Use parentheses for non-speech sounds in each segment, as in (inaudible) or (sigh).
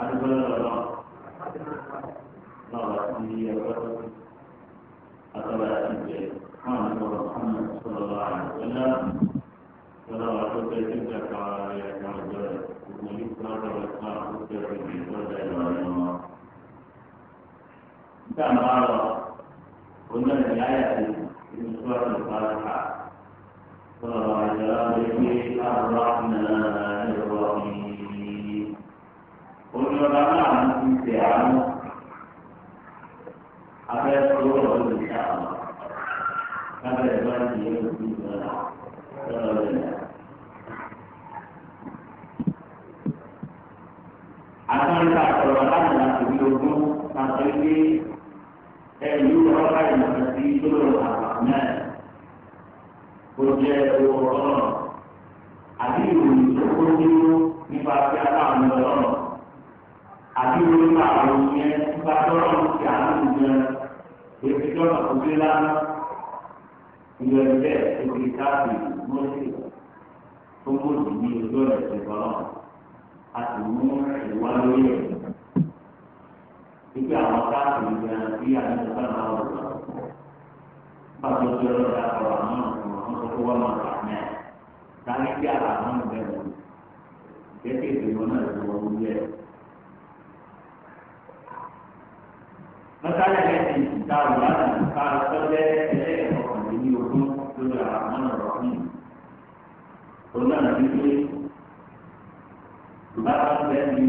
adúgbò lọ́wọ́ náà wá sí ọgbà àtọ́lá ìjẹ fún àwọn ọmọ sọ̀rọ̀ àìsọ́lá lọ́wọ́ wá tó fẹ́ sí ìjàkà rẹ̀ àwọn ọjọ́ rẹ̀ gbogbo ní kúrò lọ́wọ́ fún àwọn tó fẹ́ sí ìjọba ìlọrin wọn. nígbà máa lọ oní ọ̀nà ayà ti inú sọ́ọ̀tì pàápàá sọ̀rọ̀ àìsọ́lá lè gbé àwọn ọmọ náà. ọba náà ló ti ṣe àánú abẹ́rẹ́ tó lọ́wọ́ ló ti ṣe àánú lábẹ́rẹ́ bá ti yẹ kó ti sọ náà lọ́wọ́ lọ́wọ́. Àtúntà sọ̀rọ̀ láti láti bí ogún láti gbé ẹ̀yí ọlọ́pàá ìmọ̀tò sí lóòrò àpapọ̀ náà. Ó jẹ́ owó ọlọ́run àbí ìròyìn tó kó dúró nípa pé aláàánú ọlọ́run àti lórí àwọn yẹn bá tọrọ ti àwọn ìyẹn èyí tó lọ lánà ìyẹn bẹ́ẹ̀ èyí káàdì mọ́sí tó mọ́sí ní ojú ọ̀nà ìṣẹ̀kọ́lọ́ a sì mú ìwà lórí ẹ̀ ibi àwọn káàdì ìyẹn bí àwọn ìjọba náà wọ̀ lọ bàbá tó lọ da ọ̀rọ̀ àwọn ọ̀rọ̀ tó kó wọn lọ́ta mẹ́ sáré bí àwọn ọ̀rọ̀ bẹ̀rẹ̀ kẹ́kẹ́ ìgbìmọ̀ náà ló wọ́n mọ́tálẹ̀ lẹ́sìn ìta òwúrọ̀ àti ìta ọ̀tọ́lẹ̀ ẹlẹ́yìn ọkùnrin ní ogún lórí àwọn ọ̀rọ̀ yìí. onáà ní pé ìbára ń bẹ́ẹ̀ ni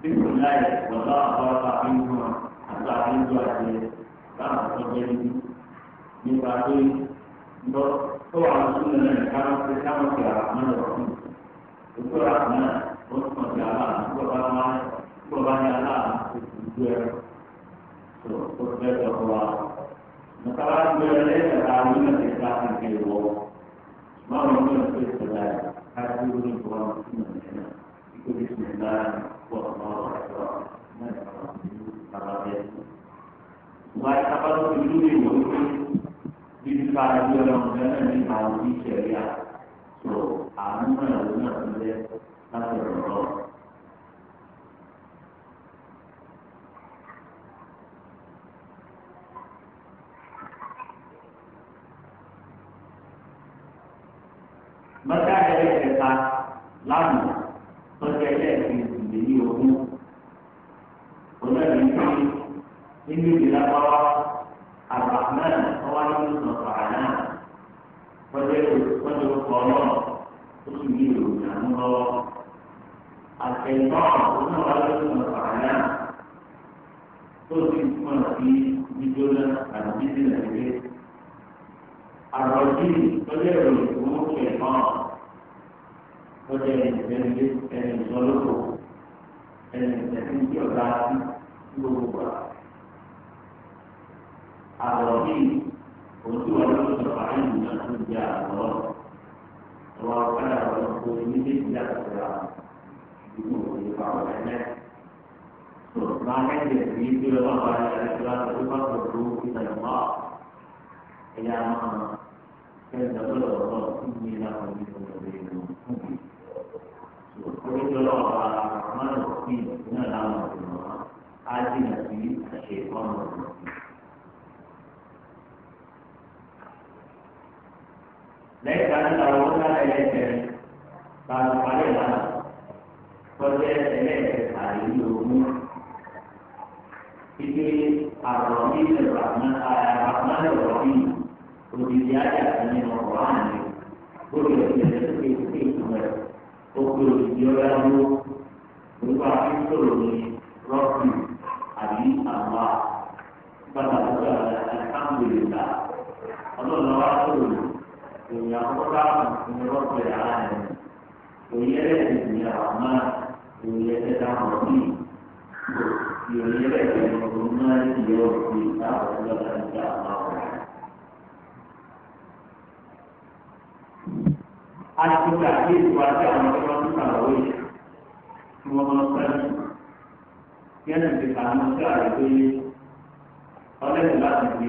bíbù láì wọ́lá àbọ̀rọ̀ àfihàn àti àfihàn àti báwọn ọ̀tọ́lẹ̀ ní nípa pé lọ tó àwọn súnmọ́ náà káwọn fi káwọn fi àwọn ọ̀rọ̀ yìí. òkú àwọn náà wọ́n ti mọ̀ sí aláàmú kó bá wọn ní aláàmú kó tó fẹ́ sọ̀rọ̀ wa nípa gbé ẹlẹ́yìn ẹ̀ka nínú ẹ̀ka ìgbé wọ máa ń lọ sí ìṣẹ̀lẹ̀ káàkiri ní ìwọ nínú ẹ̀ka náà ikú bí sinmi náà pọ̀ náà ẹ̀rọ náà ẹ̀rọ ìlú bàbá bẹ́ẹ̀. wọ́n á sábà lọ sí ìlú ìwọ ìlú bíbí ká ẹgbẹ́ ọlọ́run lẹ́nu ní mọ́tà ẹlẹ́ẹ̀kẹta lánàá tọ́jú ẹlẹ́ẹ̀kẹta lè ní ogún. Olórí ní nínú ìlà pàwọ́ àbàmán ọwọ́ nínú sọ̀tọ̀ àná. Tọ́jú tọ́jú ọkọ̀ náà ó sì ní ìròyìn àánú lọ́wọ́. Àtẹ̀tọ́ oníwà lórí sọ̀tọ̀ àná tó ti fún ọ sí jíjóná àti jíjìnà ìgbésẹ̀ àròjì lọ́jọ́ ìròyìn náà lọ́jọ́ ìrìnlẹ̀ ẹni ìsọlọ́kọ̀ ẹni ìtẹ̀sí tí ọ̀gá sí gbogbo wa. Àròjì ojú ọ̀rọ̀ ló sọ náà tó di àgọ́ ọ̀rọ̀ ọ̀kadà ọ̀rọ̀ kò ní méjì àtúrà ìdúró òní fáwọn ẹ̀mẹ́. Màá kẹ́kẹ́ sí ibi ọlọ́pàá ẹ̀rọ ìtura tó bá tó dúró ìtàn ìmọ̀ ẹ̀yà máa. 现在不老了，今年那个地方的那种空气，所以就老了，慢慢的病，那那么什么，安静的去，解放的东西。来，咱们老人家来来来，咱们发现了，或者现在在采油。itu Ar-Rahim Ar-Rahman Ar-Rahman Ar-Rahim òdìdí ayà nínú ọ̀rọ̀ àná lórí ìṣẹ̀lẹ̀ tó ké sí ìtumọ̀ ẹ̀ òkè òdìdí ọ̀rọ̀ àná nípa fífòrò ní rọ́ọ̀kì àbí àwa gbàgbà tó gbà àkàndùlélà ọlọ́run wa sọ̀rọ̀ èèyàn àkọ́kọ́ àwọn ìpinnu rọ́ọ̀kì ara ẹ̀ òye ẹlẹ́sìn ìyá àmà òye ẹlẹ́dá ọ̀rọ̀ yìí òye ẹlẹ́sìn ìyá ọ̀rọ̀ náà ìyá ọ̀rọ̀ yìí táwọn ọlọ́run ti àmà aṣojú àti ètò àti àwọn ọ̀dọ́ tó kà lọ́wọ́ yìí tí wọ́n máa ń sáré yẹn ti kà ní ọjọ́ àìpé ọlẹ́dùn láti fi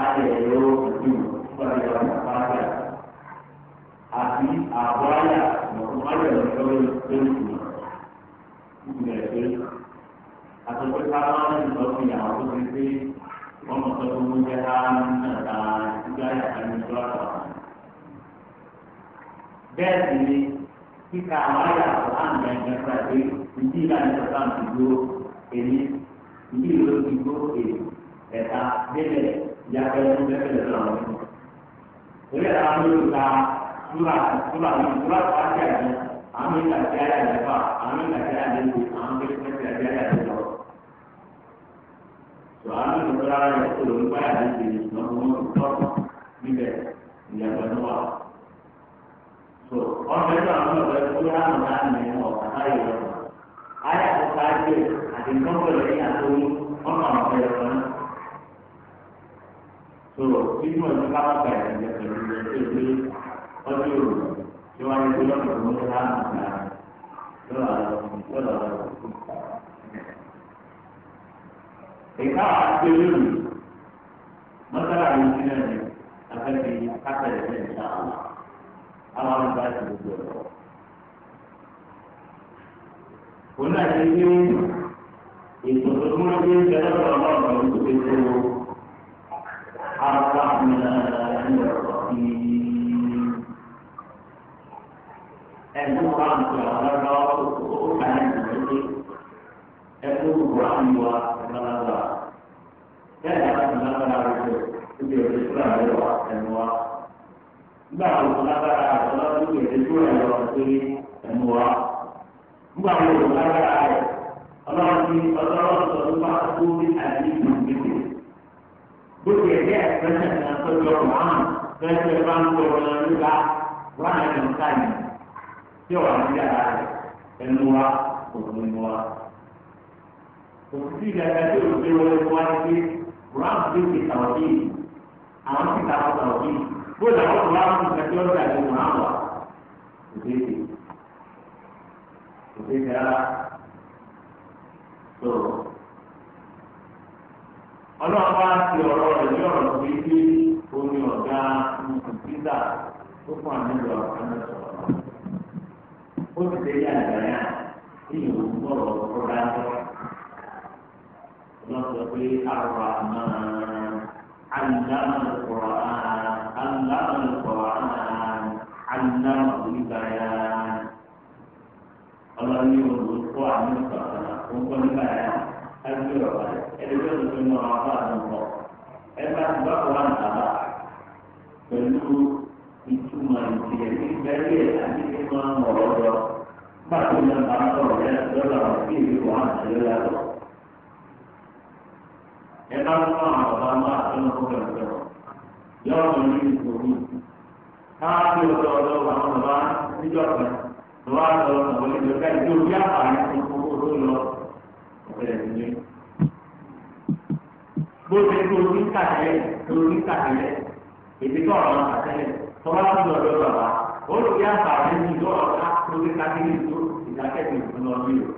ayé ẹ̀rọ ìdùn fún ayé ọ̀dọ́ àpáyà àti àbọ̀ ayà ọ̀dọ́ ayé ọ̀dọ́ lórí ìgbìmọ̀ ìgbìmọ̀ ẹ̀fẹ́ àtọ́jú káwọn ìgbọ́ fi àwọn tó ti pé wọ́n mọ̀ sọ́kún mú jẹ́ ká ń nàta ìgbà yàtọ̀ ní ìjọ àtàwọn. bẹ́ẹ̀ sì ni kíka wáyà àwọn àmì ẹ̀ka ẹ̀ ìdí ìlànà ìjọba ìdúró èyí ìdí ìlú ìdúró èyí ẹ̀ka bẹ́ẹ̀ ya bẹ́ẹ̀ ní bẹ́ẹ̀ bẹ́ẹ̀ lọ́wọ́ ní ọ̀hún. ìrẹ́ àwọn ọmọ yorùbá túra túra yìí túra tó wájú àjẹ àwọn ìgbà tí a yà lẹ́fà àwọn ìgbà tí a lẹ́fà àwọn ìgbà tí a yà lẹ́fà lọ. tó àwọn ìgbà tó rárá yẹ kó lóyún báyà lẹ́fà lọ́wọ́ so náà ló lọ sí láàmú láàmú ẹ̀ ọ̀ bàbá yìí lọ. ayé àkókò ajé àti nọ́ọ̀bù lẹ́yìn àtọ́wé ọ̀nà ọ̀fẹ́ ẹ̀fọ́ náà. so nínú ẹ̀sìn ká má bàa ẹ̀sìn ẹ̀sìn ẹ̀sìn ẹ̀sìn pé ọdún yòó tí wọ́n á yẹ lọ́kọ̀ tó ń láàmú láàmú lọ́la lọ ìka àti olórí mọ́tàlá yìí sílẹ̀ ní afẹ́fẹ́ yìí kápẹ́lẹ́ fẹ́ẹ́ sáà wà. àwọn àgbà ti gbogbo ẹ̀ lọ. òun náà ti gbé ètò tó mú ní bí ẹgbẹ́ lọ́wọ́ lọ́wọ́ lọ́wọ́ tó fi tó àwọn àmì ẹ̀dùn wa ń pè àwọn ọlọ́wọ́ ó kà ní ìdílé ẹ̀dùn wa ń wá ìdánilá. bẹ́ẹ̀ ni a ti lágbára rẹ̀ tó ti ọ̀dẹ̀ fúlàní wa ẹ̀nu wa. nígbà tó lágbára rẹ̀. tó yẹ lọ sí ẹnu wa. nígbà wo ló bá dára rẹ̀ ọlọ́run ti ọlọ́run sọ ló bá tó ní àyè ìgbìmọ̀ gbogbo ẹ̀dẹ́ ẹ̀fẹ́sẹ̀ náà tọ́jú ọ̀rọ̀ àmà fẹ́ẹ́fẹ́ bá ń gbọ́ ọ̀rọ̀ nígbà wà á yẹn ká yẹn tí ọ̀rọ̀ àti yàrá rẹ̀ ẹnu wa òkú ẹnu wa. òkú ìdájọ́ tí òkú wọlé wá sí ram ti fi tàwọn yìí àwọn ti tàwọn tàwọn yìí bó làwọn tó wá fún ìdájọ́ ọ̀rọ̀ àti ìbéèrè ìbéèrè ara tó ọlọ́run bá ti ọ̀rọ̀ rẹ̀ ní ọ̀rọ̀ tó yí pé omi ọ̀gá kọ̀m̀pútà tó fún àmì ìwà ọ̀gá sọ̀rọ̀ ó ti lè yá ìgbà yá kí ìwò sọ̀rọ̀ ọ̀rọ̀ dájọ́ lọ́sọ̀ pé àrùn àmà àlùdámọ̀ ìkọ̀rọ̀ àlùdámọ̀ ìkọ̀rọ̀. علم بالبيان الله يقول القرآن مستقبلا وقل بيان أذكر بيان إذا في المرافعة نقول إذا أخبروا عن أبا فلو ìtumọ̀ ìjìnlẹ̀ ní ìgbẹ́lẹ̀ àti ìmọ̀ ọ̀rọ̀ lọ báwo ni a máa sọ̀rọ̀ yẹn lọ́la òkè ìlú wa àtàlẹ́ lọ́la. ẹ bá ń fọ àwọn ọba máa tó lọ́kọ̀ọ́ lọ́wọ́ yọ̀ọ́ ní ìgbòho káàdì ọ̀dọ́ ọ̀dọ́ àwọn bàbá níjọ́ kan lọ́wọ́ àtọ̀ àwọn ìjọ ká ìjọ bí àpààyàn fún owó tó lọ bẹ̀rẹ̀ nílé. bó tó ní kàtẹ́lẹ̀ tó ní kàtẹ́lẹ̀ èdè tó ọ̀rọ̀ kàtẹ́lẹ̀ tọ́wọ́ àti ọ̀dọ́ bàbá ó lò bí àpààyàn ní ìjọ tó ní kàtẹ́lẹ̀ tó ìdákẹ́kẹ́ ìfúnná bí o.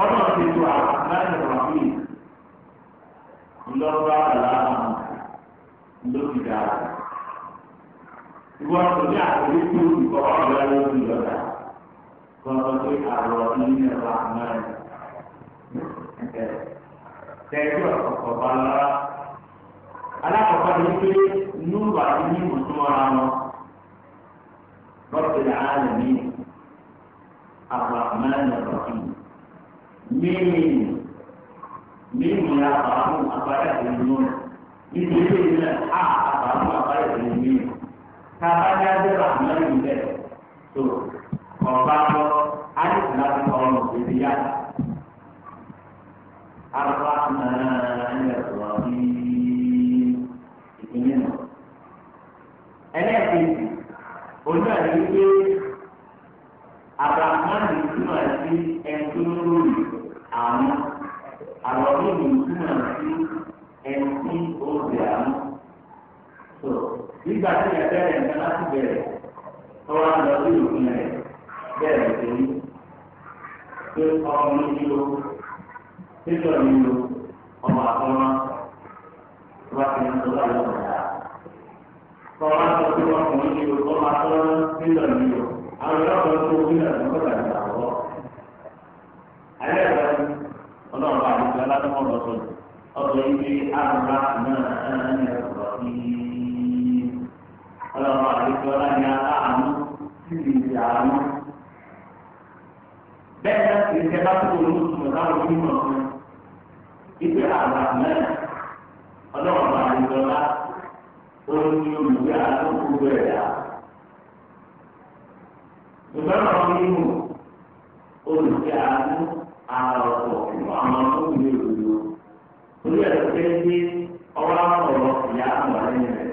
ọlọ́run ti tó àwọn àgbáyé lọ́wọ́ àlàáfà lórí dáa. Ìwọ ọ̀sùn ní àkórí tó ìkọ̀ ọ̀gá lórí lọ́dà. Kọ́ńtà pé àrọ̀ ilé ẹ̀rọ àmọ́ẹ̀. Tẹ̀sí ọ̀kọ̀ bá lọ́wọ́. Alákọ̀ọ́kọ́ ni pé Núbà ti ní ìmùsùn ara wọn. Bọ́ọ̀sì làálẹ̀ mi. Àbàmọ́ẹ̀ lọ́kì. Mílíọ̀nù. nínú ya àbámu àbáyà ìlú níbi ilé ilẹ̀ a àbámu àbáyà ìlú mi kaba ní adéba àmàlù ilẹ̀ tó ọba lọ àyíkú láti kọ́ ọ́nà òbí yá alùpà náà ilẹ̀ tó ní ìpínlẹ̀ náà àlọ́ yìí túmọ̀ sí ẹni tí ó ṣe àánú. nígbà tí ẹ bẹ̀rẹ̀ nǹkan láti bẹ̀rẹ̀ tó wá lọ sí òfin rẹ̀ bẹ́ẹ̀ lè rí pé ọkùnrin yìí o títọ́ yìí o ọmọ àkọ́mọ́ tó bá ti ń sọ láyé ọ̀gá. Tọ́lá sọ pé ọkùnrin yìí o ọmọ àkọ́mọ́ títọ́ yìí o àwọn ọ̀gá kan tó wílẹ̀ nígbà tí àwọn ọ̀gá. Àyẹ̀ ìgbà tí ọlọ́run bá àdúgbò aládùn ọ̀rọ̀ tó ọ̀sọ̀ ibi àrùbá náà ẹni ọ̀rọ̀ sí i ọlọ́run bá àdúgbò aládùn aláàánú sí ìdí àánú. bẹ́ẹ̀ náà sì ń tẹ́lá tó ló ń sùn láwọn onímọ̀ fún ibi àrùbá náà ọlọ́run bá àdúgbò alá ó ní olùgbé àánú gbogbo ẹ̀dá. ìgbà náà wọ́n ní olùgbé àánú ara ọ̀pọ̀ àwọn ọmọkùnrin òdodo. Orí ẹ̀rọ pé ní ọwọ́ ọ̀rọ̀ ìyá àwọn ọ̀rẹ́ rẹ̀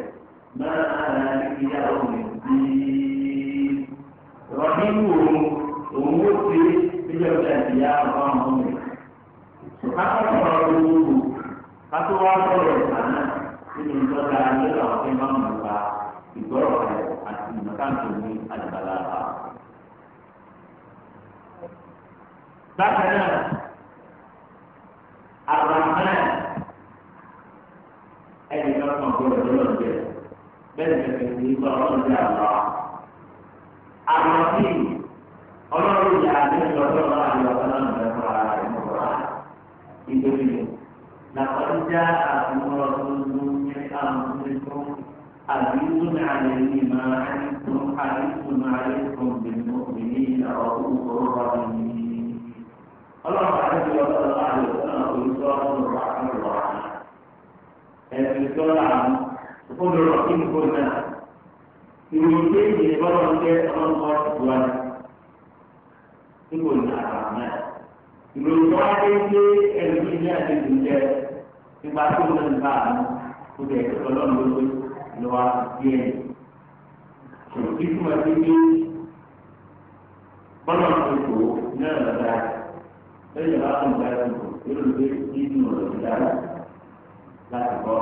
máa ń ra ìyá òun sí i. Rọ̀bínú òun òun ó ṣe níjọ́ ìjà ìyá àwọn ọmọ rẹ̀. Sọ̀kátà sọ̀rọ̀ gbogbo kátó wá sọ̀rọ̀ ìtànà nínú ìjọba ayélujára بحنا الرحمن أي رقم كل دولة بل في قرآن الله الرحيم أمر العالمين رضي الله عنه وسلم القرآن في لقد جاءكم رسول من أنفسكم عزيز عليه ما عنكم حريص عليكم بالمؤمنين رؤوف رحيم ọlọ́run àti ìjọba ọlọ́run àti ìjọba olùsọ ọlọ́run àti ìjọba ẹ̀sìn ìjọba ìfọdọ̀rọ̀ kí ni kò náà ìròyìn kéèyàn ní bọ́lá ń jẹ́ ọlọ́run kọ́ ìjọba wa ní kò ní àrà náà ìròyìn tó wá dé dé ẹ̀rù yìí ní àdéhùn jẹ́ nípa tó ń lọ bá àmú kó dẹ̀ ọlọ́run ló gbé lọ́wọ́ díẹ̀ kí fún ẹ bí bọ́lá ń tó kò náà lẹ́yìn wá fún ìdájọ́ yóò gbé nínú ọ̀rọ̀ ìdára láti bọ́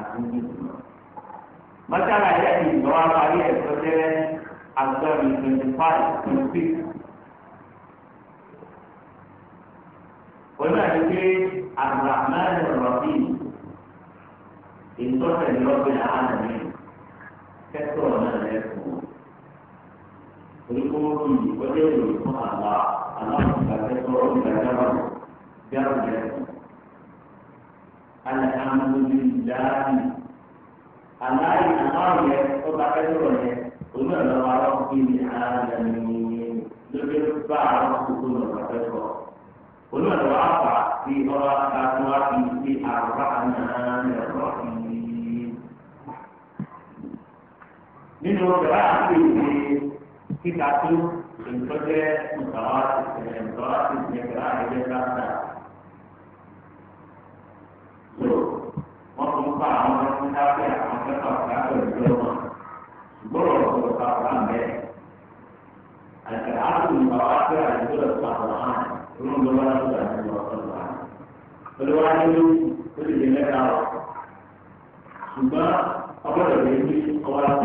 àti ní ìgbìmọ̀. mọ́tàlá yẹ kí ìgbọ́n wa parí ẹ̀kọ́ jẹ́ agbẹ́rin twenty five twenty six. oní àdìgbé abdulrahman rọ̀bì ìtọ́sẹ̀ ní ọ̀gbìn àánàmì kẹ́tọ̀ náà lẹ́kọ̀ọ́. oníkóró yìí ọjọ́ ìròyìn fún àgbà. درجة الحمد لله الله يقال وتكبر ومن الله رب العالمين لكن بعض كل تكبر ومن وقع في أرواح في الرحمن الرحيم من وقع في كتابه इनको जो मुतवासित है मुतवासित में करा है ये रास्ता तो वो उनका आमंत्रण मिला के आमंत्रण का क्या कर दिया वहाँ बोलो तो सावधान है अगर आप मुतवासित है तो सावधान है उन लोगों ने तो ऐसे बहुत सावधान परिवार के लोग कुछ जिम्मेदार सुबह अगर देखिए और आप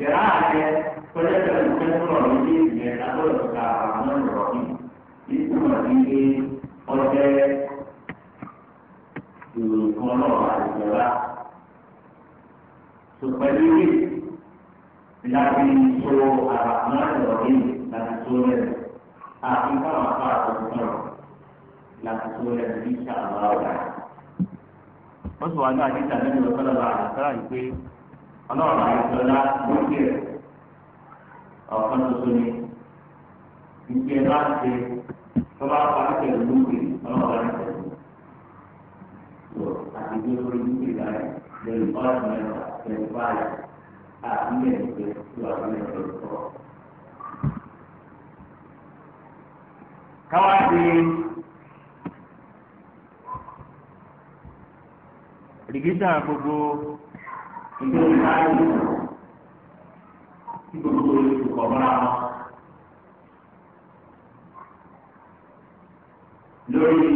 Grazie, potete contemplare di nella vostra non rovi, il tuo di poter conoscere la su quelli la vinto a non rovi la sua a chi fa la parte no la sua di salvare. Posso andare a dire che non lo sarà, sarà in cui ọlọ́run àìsọ̀lá lókè ọ̀kan tuntun ni ìgbẹ́ bá ń ṣe tó bá pa á pẹ̀lú lókè ọlọ́run àìsọ̀lá tó àti gbé lórí lókè láyé lórí ọ̀rọ̀ mẹ́ta pẹ̀lú báyìí àti ilé ìgbẹ́ tó àti ilé ìgbẹ́ tó. káwá sí rìgítà gbogbo ìgbé ìmáyé tí gbogbo olùkọ́ mọ́ra wọn. lórí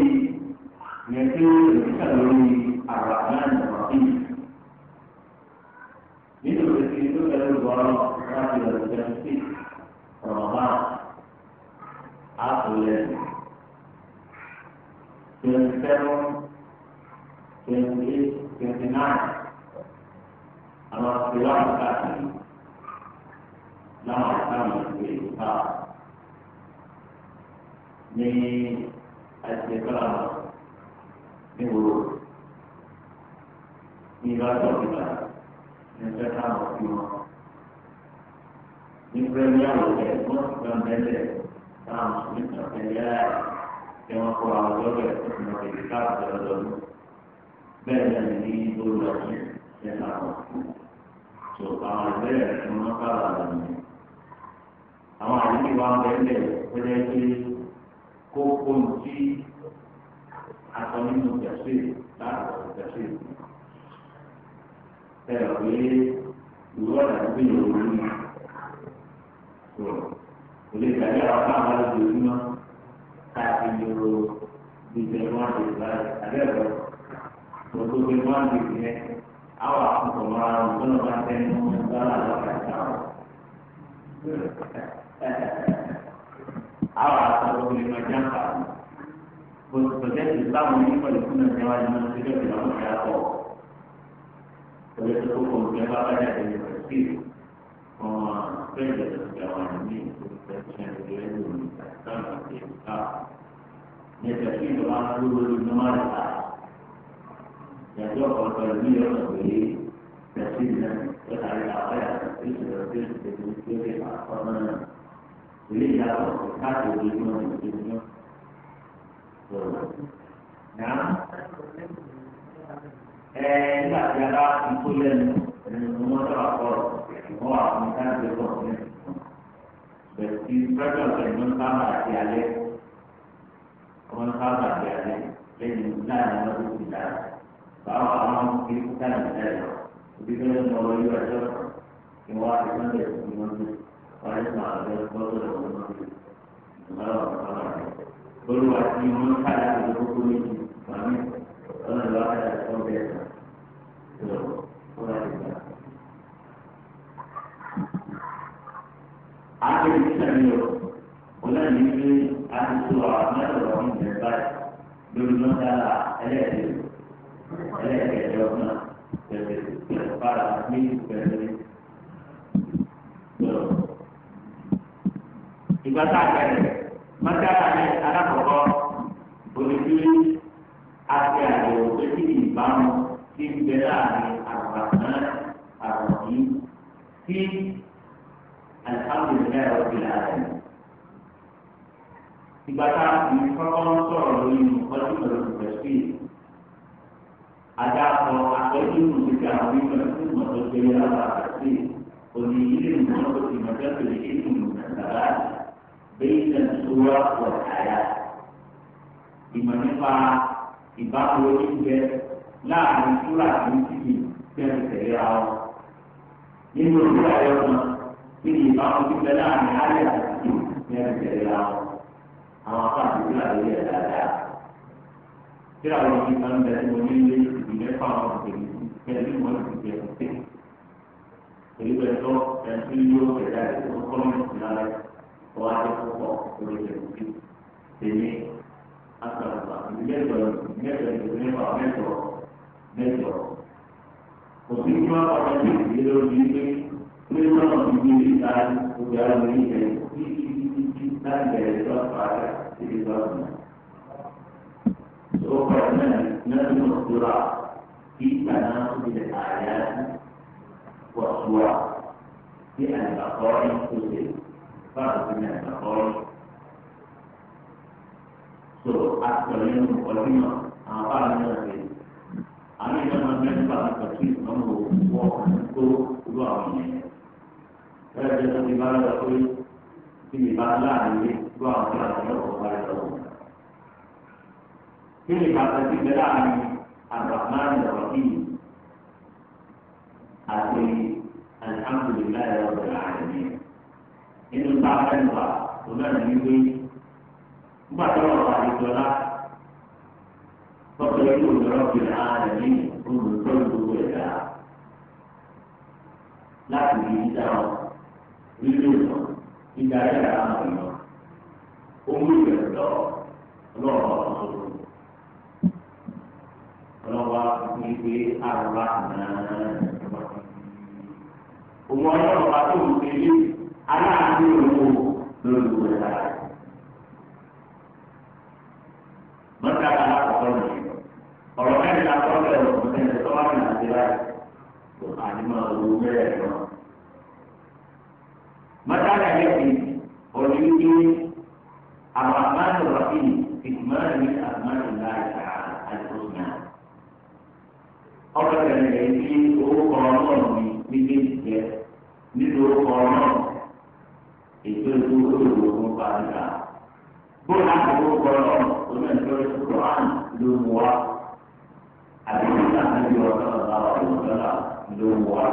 yẹn tí ó lè kíkà lórí àrà náà nìkan bí. nínú ìrètí tó kẹ́lẹ́ gbọ́rọ̀ láti ọ̀dọ̀ twenty six rọ̀mọ́bá àpòlẹ̀ twenty seven twenty eight twenty nine àwọn àtiwá ìta yìí láwọn àìsàn ìgbé ìta ní àìsàn ìkọlà ní wòlò ní ìbájọ́ ìgbà ní ẹgbẹ́ táwọn fi wọn ní pẹ́ẹ́lí àwòrán ẹ̀gbọ́n ìgbà mẹ́lẹ̀ táwọn sùn nípa pẹ́ẹ́lí àyà tí wọ́n kọ́ àwọn ọlọ́dọ̀ ẹ̀kọ́ tó máa tẹ̀lé káàkiri ọlọ́dún bẹ́ẹ̀ ni ní ìbò lọ́sùn ní àwọn ọ̀sùn. tó àwọn ẹgbẹ́ rẹ̀ tó máa bá wà àwọn àdúgbò wa ń bẹ́ẹ̀ pẹ́lẹ́ pé kókó tí aṣọ nínú tẹ̀sí láti tẹ̀sí. bẹ́ẹ̀ pé ìwọ àdúgbò yóò wọlé ní tó kò lè àwọn káàkiri bíi tó àwọn àkókò máa ń tó lọ́wọ́ àtẹnu lọ́la lọ́ka ìta ọ̀. àwọn àkókò lè máa já pa pòtẹ́tì báwọn onímọ̀lẹ̀ fún mi jẹ́ wá ní ọdún tó ti lọ́wọ́ ìyá ọ̀. Olùdókòwò kò ń jẹ́ bá bá jáde ní Brazil. Con quello che abbiamo all'inizio, per esempio, le unioni, per esempio, nel perfino vanno a lungo di normalità, yàtọ̀ ọ̀pọ̀lọpọ̀ ìlú yóò sọ pé tẹ̀sí náà àwọn ẹ̀yà tó sì lọ sí ìṣèlú tí ó lè fà ọmọ náà ilé ìyàtọ̀ káàkiri ìlú náà ní ìlú náà. Nàá nígbà tí a bá fi kó lẹ́nu ẹni tó wọ́n sọ̀rọ̀ pọ̀ wọ́n wà fún káàkiri ní ìlú. Bẹ̀rẹ̀ sí pẹ́jọ́ ìlú ń sábà bahwa orang bukan saja bukan melalui aja semua akan dimandu oleh sahaja betul dimandu malah malah baru waktu mereka ada betul ini kami orang luar ada konteks itu orang kita ada di sana Bulan ini ada suara mana orang yang dapat dulu masalah ada di ẹlẹ́kẹ̀ẹ́dẹ́ ọ̀nà pẹ̀lú ìpàdà méjì pẹ̀lú ìgbọ̀rọ̀. ìgbà tá a bẹ̀rẹ̀ mọ́tàlá ní alákọ̀ọ́kọ́ olùdílé àti àyẹ̀wò pé kí ni ìbámu ti ń bẹ láàrin àgbàgbọ́n àròyìn tí alihamudulilayi ọ̀gbìn àti ìgbà adáàbọ̀ àtọ́jú ìgbésẹ̀ àwọn ìgbà tó mọ̀ tó gbé yàrá àti òní ilé ìmọ̀ tó ti mọ̀ tó tẹ̀lé ètò ìmọ̀lára bẹ́ẹ̀ ní ìṣòro àpò àyà. ìmọ̀ nípa ìbámu oníjẹ láàrin ìṣúra àti ìṣìkì tẹ̀lé tẹ̀lé ra ọ. nínú ìṣúra ẹ̀rọ kan kí ni ìbámu gbígbẹ láàrin ayé àti ìṣìkì tẹ̀lé tẹ̀lé ra ọ. àwọn afáàbí ìṣúra lórí ẹ̀ dáadáa. ìṣúra wọn ti máa ń bẹ̀rẹ̀ mọ́ nílé ìgbẹ́ pàrọ̀ òkèlè pẹ̀lú ìwọ̀n ìgbẹ́ òkè. Èyí bẹ̀rẹ̀ lọ ẹ̀sìn yóò tẹ̀lé àìsàn kọ́lọ́mù ìlànà wọ́n á jẹ́ púpọ̀ lórí ìgbẹ́ òkè. àtàlùfà ìgbẹ́jọ ìgbẹ́jọ ìgbẹ́jọ mẹ́jọ mẹ́jọ. Òsì ní wọn kọ́ ọ̀dọ́ ìgbé lórí ilé ilé náà ti ìta òkè àwọn ìgbẹ́ tí láti bẹ̀rẹ̀ lọ́pàá ìgbẹ́ lọ́pàá. Ó kọ̀ náà إنما من الآيات والصور في البقاء كتب فرد من البقاء so أكثر من مقدمة أعطانا من أنا لما بنفع التفكير أمره وأنكر وأمين فإذا كنت بارد أقول في بارد لا أعلم وأعطانا من أخبار الأمور في بارد أقول لا أعلم الرحمن الرحيم أقول الحمد لله رب العالمين إن بعد الله هنا نيجي بعد الله عليه وسلم فقيل رب العالمين هم كل ولا لا تجد ويلون إذا جاء أمرنا أمرنا الله الله pé ara náà òun ọlọ́run bá tó ń tẹ̀lé aláàbí òun lórí ìwé rẹ̀. mọ́tà alákọ̀ọ́kọ́ ni ọ̀rọ̀ mẹ́rin la tọ́ bẹ̀rẹ̀ ọ̀rọ̀ mẹ́rin tó wà ní nàìjíríà kò àdìmọ̀ owó bẹ́ẹ̀ lọ. mọ́tà alákọ̀ọ́kọ́ ni ọ̀rọ̀ yìí àwọn àmàlù rọ̀bì yìí. ló wà.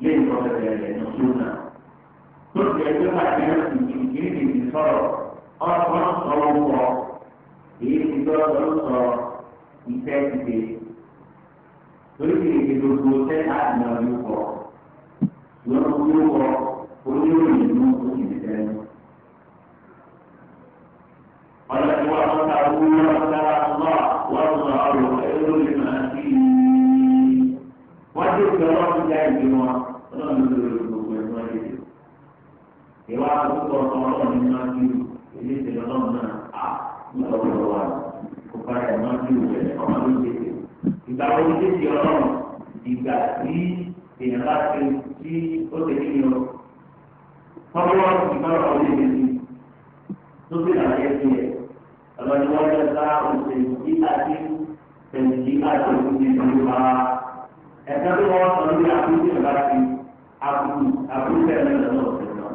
lẹ́yìn tó bẹ̀rẹ̀ rẹ̀ ní ṣúnà tó ti ẹgbẹ́ máa ti hàn sí ìdílé sọ̀rọ̀ ọ̀pọ̀ sọ̀rọ̀ wọ̀ èyí ti gbọ́dọ̀ ló sọ ìfẹ́ ti dé torí ti èdè gbogbo tẹ́ àdìmọ̀ ló wọ̀ lọ́wọ́ wọ̀ oníròyìn. ti ọlọ́run já ìdí wọn ọlọ́run ló lè gbogbo ẹ̀fọn lédè. ìwà àkókò ọ̀sán ọlọ́run ní máa bí ilé ìṣẹ̀lẹ̀ ọlọ́run náà á lọ́wọ́ wa kó bá ẹ̀ máa bí ìwẹ̀ ọmọ ló tètè. ìgbà wo ni tètè ọlọ́run ìgbà tí èèyàn bá ti tí ó ti ní lọ. fọwọ́ ìbára ọ̀rẹ́ mi ni tó fi làwọn ẹ̀ fi ẹ̀ ọlọ́run wọ́n yọ sáà òṣèlú ẹ̀ka tó wọ́n sọ lórí àbúrò ìlà ti àbúrò àbúrò tẹ̀lé lọ́wọ́ ọ̀sẹ̀ náà.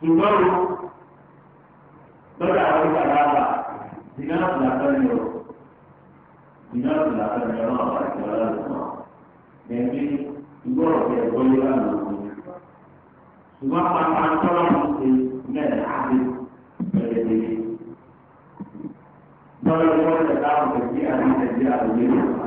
ṣùgbọ́n o lọ́dọ̀ àwọn ìgbà dábà ìná ìlàkọ́ ni o ìná ìlàkọ́ ni ọlọ́run àwọn àti ọlọ́run náà lẹ́yìn ìgbọ́ ọ̀sẹ̀ ẹ̀kọ́ yóò wà lóko. ṣùgbọ́n pàápàá tọ́lá ń ṣe mẹ́rin àti pẹ̀lẹ́dẹ́gbẹ́. Tọ́lá ń wọ́n ṣẹ̀dá àti ìṣẹ̀dá àti ìṣẹ̀dá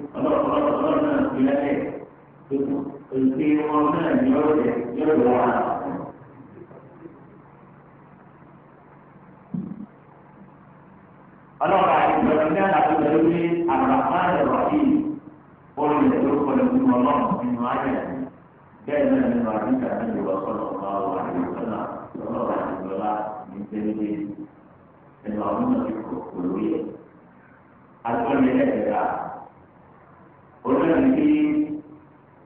ọlọ́pàá ọlọ́pàá náà fi lẹ́lẹ̀ èké wọn náà ní ọ̀rẹ́ yóò wá àwọn. ọlọ́pàá ìgbàlódé náà láti pẹ̀lú ní àgbàkan ẹ̀rọ yìí wọ́n lè tó pẹ̀lú ní ọlọ́run nínú ayé bẹ́ẹ̀ náà nínú àdúgbò àti ìwà sọ̀rọ̀ ọ̀gá ọ̀gá àdúgbò náà lọ́wọ́ àdúgbò náà ونبي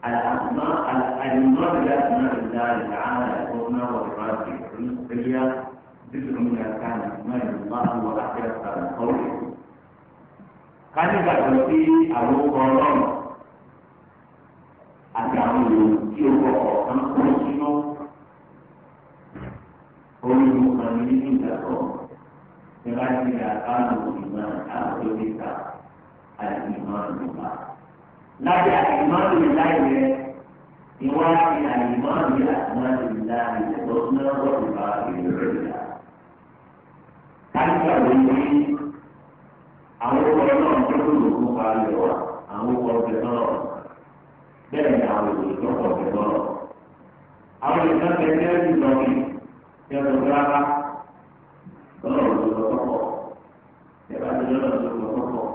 الأسماء الأسماء بأسماء الله تعالى الحسنى والرب هي جزء من أركان أسماء الله وأحد أركان قوله كان يقول في أبو قولون àti àwọn èrò tí o kọ ọ̀kan kó sínú orí mu kan ní nínú ìgbàgbọ́ ní láti rí àkàlù ìmọ̀ lábẹ́ àlìmáàlì láì rẹ̀ ìwọ́n àti àlìmáàlì àlìmáàlì láì rẹ̀ lọ́sùn náà wọ́n ti bá ìlú rẹ̀ yá. káyọ̀ ló ní àwọn ọkọ̀ náà tó kù lókun pa lẹ̀ wá àwọn ọkọ̀ ọ̀bẹ náà bẹ́ẹ̀ ni àwọn òṣèlú ọkọ̀ ọ̀bẹ náà. àwọn ìgbà kẹ̀kẹ́ ti lọ ẹ̀rọ gbára lọ́rọ̀ lọ́sọ̀kọ̀ ẹ̀rọ adé lọ́rọ̀ lọ́sọ̀kọ̀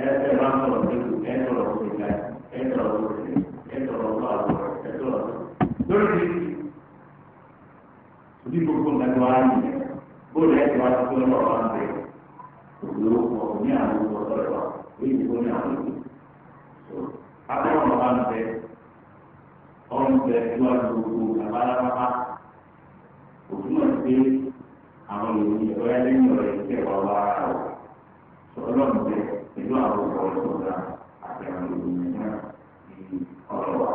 ẹ̀ẹ́dẹ̀ máa ń sọ̀rọ̀ nípò ẹ̀ẹ́dọ̀rọ̀ òkè ká ẹ̀ẹ́dọ̀rọ̀ òkè ẹ̀ẹ́dọ̀rọ̀ ọ̀gbà àgbọ̀ ẹ̀ẹ́dọ̀rọ̀ lórí ti bí gbogbo nǹkan wá ní bóòlù ẹ̀ẹ́dẹ̀ wá ti tó lọ́wọ́ wá ń bẹ̀ òwúrò pọ̀ ní àwọn ọmọ ọ̀rọ̀ wa èyí kò ní àwọn ọmọ abẹ́rẹ́ wá ń bẹ ọ̀nbẹ wá gbogbo àbáràbá òtúmọ̀ sí àwọn ènìyàn ọ̀rẹ́ lẹ́yìn ọ̀rọ̀ ọlọ́run pẹ̀lú àwọn ọ̀rọ̀ ìṣọ̀ra àti àwọn ìròyìn náà di ọ̀rọ̀ wa.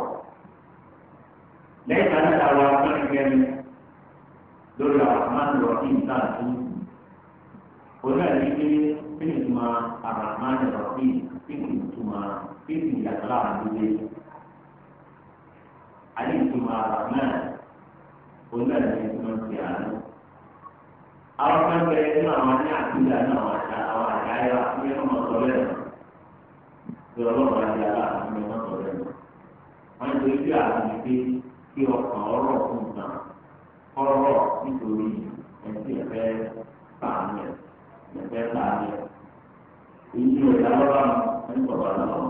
lẹ́yìn náà àwọn akẹ́kẹ́ni lórí àwọn àmàlùwọ̀ kí n sáà tún oní àdìgbé kí n tún máa àmàlùmáàlù rọ̀ kí n tún máa kí n tún yàtọ̀ láàrin gbé. àdìgbé máa àmàlù oní àdìgbé tí wọ́n ti àná. àwọn kan nínú àwọn ní àkúdà náà àyà ní ọmọ sọlẹ ní ọlọ́run àti àlà ní ọmọ sọlẹ wọn ti rí àmì pé kí ọkàn ọ̀rọ̀ fún nǹkan ọ̀rọ̀ nítorí ẹtí ẹfẹ sàmì ẹfẹ sàmì èyí ò yà lọ́wọ́ ẹni bọ̀dọ̀ lọ́wọ́.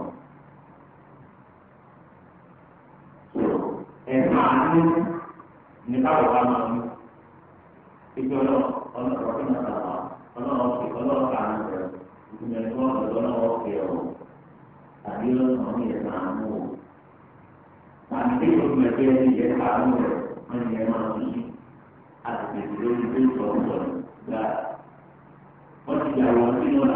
ẹ̀ka àánú ní káwọ̀ bá máa mú ìjọ náà ọ̀nà ọ̀rọ̀ fún ìjọba ọlọ́run ti gbà wọ́n nínú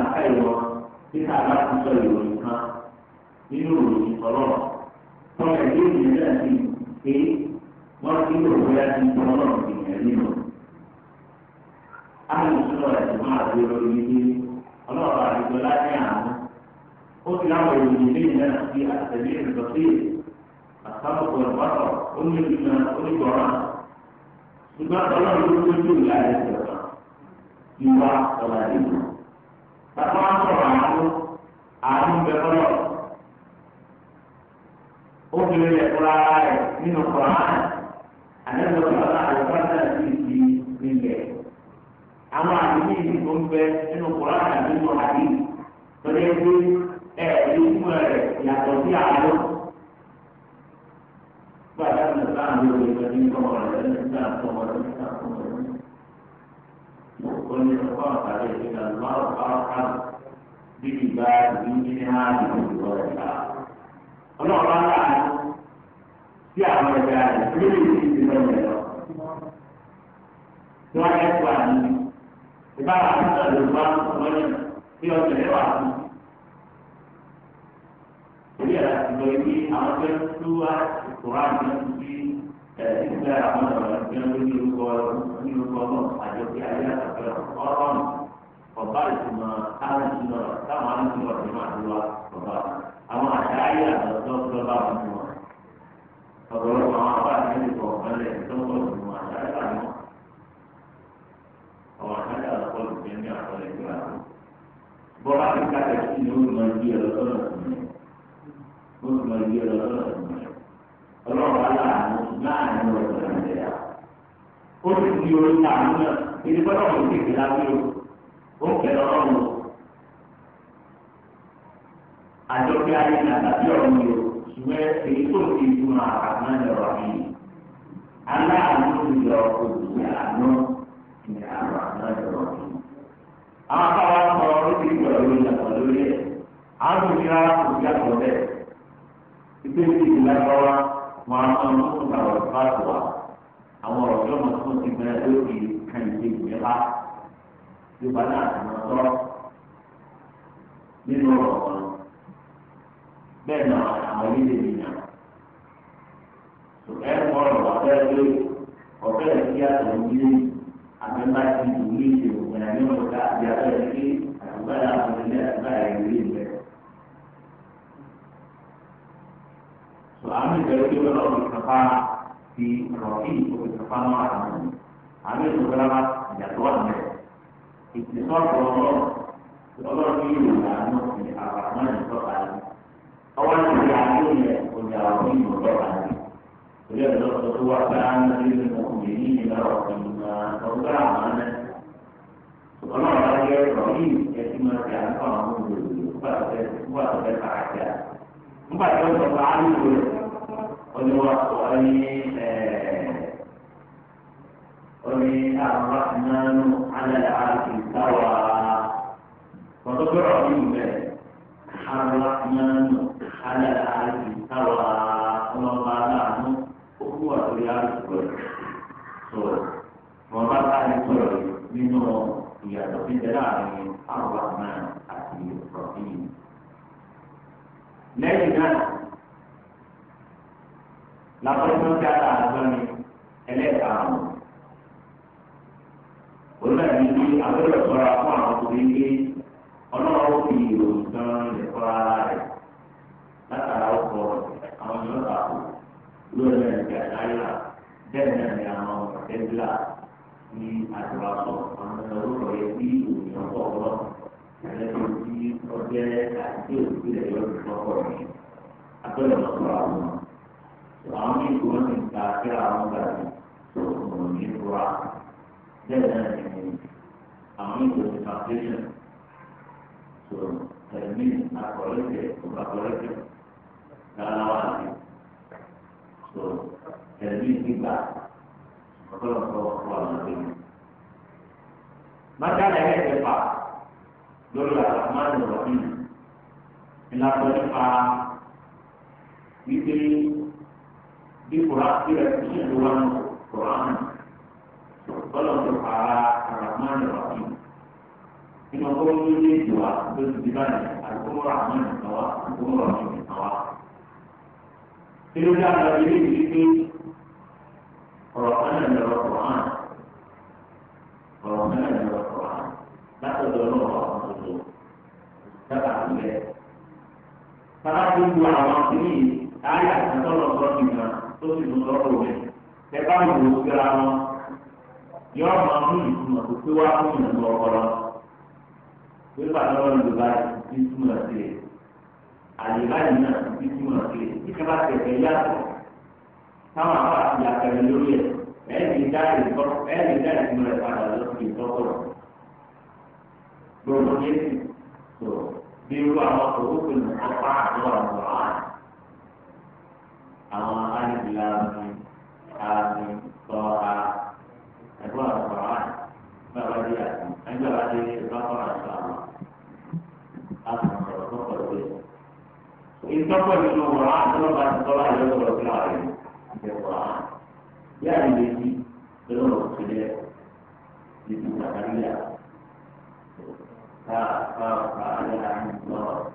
làákà nínú káwọn ìṣúná rẹ̀ tó máa gbé lórí wípé ọlọ́run àdìgbò láti àná ó ti láwọn ènìyàn ní ìlú náà fi àtẹ̀lé ìdọ̀tí àtàkùn ìpàtọ̀ ó ní ìgbìmọ̀ onígbọ̀ràn ṣùgbọ́n ọlọ́run ló lójú ìlà rẹ̀ sọ̀rọ̀ ìwà ọ̀là ìlú. bàbá wa sọ̀rọ̀ àánú àánú bẹ fọlọ́ ó fi lè yẹ fúra rẹ̀ nínú kọ̀ọ̀án àdéhùn ọ̀là àwọn ọ̀là ti di nílẹ̀ àwọn àdúgbò yìí tó ń bẹ nínú kura àti nínú àdí lọ́dẹ pé ẹ ẹ̀rí fún ẹ yàtọ̀ sí àlọ́. Gbàdá mi sáà ló lè fẹ́ ní kọ́mọ rẹ̀ ní sáà kọ́mọ rẹ̀ ní sáà kọ́mọ rẹ̀. Ó ní ọkọ àtàlẹ́ ìgbà ìgbà ìdí ní ń sí àwọn ẹ̀dá rẹ̀ lórí ìdí ìdí lọ́wọ́ lọ. Wọ́n á yẹ kó ìbá àtúntà ló bá lọ́yìn bí ọ̀sẹ̀ lẹ́wà fún. Ìbí àtìgbọ̀ ibi àwọn tó ń tú àkùrá àti ibi ìgbà àwọn ọ̀rọ̀ tí wọ́n ní orúkọ ní orúkọ náà àjọ kí ayé àtàkùrọ̀ ọ̀rọ̀n ọ̀bá ìtumọ̀ táwọn ìtumọ̀ táwọn àdúrà ọ̀bá àwọn àṣà àtọ̀tọ̀ tó àwọn àkàndá àkọlù jẹ́ ní àkọlù ìgbà rẹ̀. bọ́lá ti kájà sí ni ó máa ń gbé ẹ lọ́sọ̀rọ̀ fún mi ó sì máa ń gbé ẹ lọ́sọ̀rọ̀ fún mi ọlọ́run wà láàánú láàánú ọ̀sẹ̀ àjẹyà ó sì ní orí láàánú náà ìdí bọ́lá òun ti gbé lábẹ́ o ó ń kẹ́lẹ́ ọlọ́run o àjọ bí ayé ní àtàbí ọ̀run yìí o ṣùgbọ́n èyí tó ti dùn àkàtúntà ọ̀rọ̀ mi aláàánú ìyọ̀ òbí àná àwọn akáwà sọ lórí ìgbọ̀rọ̀ lórí ìyàtọ̀ lórí ẹ̀ àwọn òbí rárá kò sí àtọ̀ bẹ́ẹ̀ ìgbé ìdí ìlànàwá wọn a máa mú fún àwọn ọ̀rọ̀ báàtò wa àwọn ọ̀rọ̀ tó máa fún ti bẹ̀rẹ̀ lórí kan ìdí ìgbẹ́ bá tí wọn náà ti máa sọ nínú ọ̀rọ̀ wọn bẹ́ẹ̀ náà àwọn ilé ìyàn ẹ̀ ń mọ ọ̀rọ̀ ọ̀fẹ́ lórí ọ̀fẹ́ ìdí àtọ̀ nílé yìí. Ambil pasti bumi itu Menangnya mereka jatuh dari sini Aku balap, aku tidak suka dari diri juga Soalnya jauh juga kalau bersama Si Rocky, kalau bersama orang Ambil jatuhan ya Itu soal kalau Soalnya Rocky itu tidak ada di apartemen yang soal Awalnya dia ambil ya, menjawab ini untuk lagi Jadi ada suatu menjadi ini àtọ̀gbà àwọn náà. Ọlọ́run bá yẹ ọ̀rọ̀ yìí ẹtí máa ti àǹfà àwọn olùdókòwò nígbà tó fẹ́ nígbà Nígbà tó sọ fún àlùkò rẹ̀, oníwà ọ̀ní oní àwọn nánú alẹ́ àti táwa. Kọ̀tọ́ bí ọ̀rọ̀ yìí bẹ̀rẹ̀, àwọn nánú alẹ́ àti táwa ọlọ́ba aláàánú ó kú àtúnyà àlùkò rẹ̀ sọ̀rọ̀ wọn bá sáré sọ̀rọ̀ nínú ìyàtọ̀ fífẹ́ láàrin arahman àti rahim. lẹ́yìn náà làbẹ́sọ̀ tí a ta àgbọ̀nni ẹlẹ́karùn-ún. olùdarí ní abẹ́rẹ́ sọ̀rọ̀ fún àwọn tó ń gbé ọlọ́run fi ìròyìn kan lè ara rẹ̀ látara ọkọ̀ àwọn yóò ta kù lórí ẹ̀ka ìdáyà bẹ́ẹ̀ náà ni àwọn ọ̀tẹ́ńdílà ní àdúrásọ àwọn orúkọ yẹn bí òmìnira pọ̀ lọ ẹlẹ́tọ̀ tí ọjẹ́ àti òbí rẹ̀ yọ ní lọ́kọ̀ rẹ̀ abẹ́rẹ́ lọ́kọ̀ àwọn àwọn ní ìgbọ́n ní ìta kí àwọn gàdí tó mọ̀ ní ìrora bẹ́ẹ̀ náà ni àwọn ìgbọ́n ní foundation tó ẹ̀mí akọ̀lẹ́tẹ̀ òkàkọ̀lẹ́tẹ̀ lálẹ́ wà tó ẹ̀mí gbígbà ọ̀pọ̀lọpọ̀ ọ̀pọ̀ àwọn ọ̀dẹ́. Májàlá ẹ̀ ẹ̀fà lórí àtàkùnmáàdì ọ̀rọ̀bí ìlànà nípa wípé bí kòrá sí rẹ̀ kò sí ìlú wọn kòrá nù. Ọ̀pọ̀lọpọ̀ ara àtàkùnmáàdì ọ̀rọ̀bí. Inú ọkọ̀ olóyè ìjọba ló ti di báyìí àtúkọ̀mọ́ra àwọn ìtàn wa àtúkọ̀mọ́ra àwọn ìtàn wa. Eré dáadáa ilé ìdílé ọ̀rọ̀ kan náà ní ọ̀rọ̀ kọ̀ọ̀án ọ̀rọ̀ kan náà ní ọ̀rọ̀ kọ̀ọ̀án látọ̀dọ̀ náà ọ̀rọ̀ tuntun dábàá sílẹ̀. sábà gbogbo àwọn kìíní ayé àtúntọ́lọ̀ sọ́ọ̀tì kan tó sì tún sọ́ọ̀tì rẹ̀ tẹ́ká wò ó síra wọn yọ máa mú ìtumọ̀ tó pé wá fún ìrìnàjò ọpọlọ báyìí náà ti túmọ̀ sí i bí tẹ̀lé yàtọ̀ táwọn àbá àti àtẹ̀lé lórí ẹ̀ ẹ̀ lè dá ìtọ́ ẹ̀ lè dá ìtumọ̀ rẹ̀ padà lọ sí ìtọ́kọ̀rọ̀. gbogbo yéésì tó bí irú àwọn òkúkú ní ọ̀pá àtọ́ àwọn àwọn àwọn alìbìlà àmì àmì tọ́ a ẹ̀gbọ́n àwọn àwọn bàbá dé àti ẹgbẹ́ bàbá dé ìbáfọ́ àti àwọn àtúntò ọ̀pọ̀ ìwé. ìtọ́kọ̀ nínú wọ̀rọ̀ àti ọ̀pá àti tọ́lá ìlọ́sọ̀rọ̀ fúlàrí. القرآن يعني الذي يظهر خلاف للمتغير فقال عن الله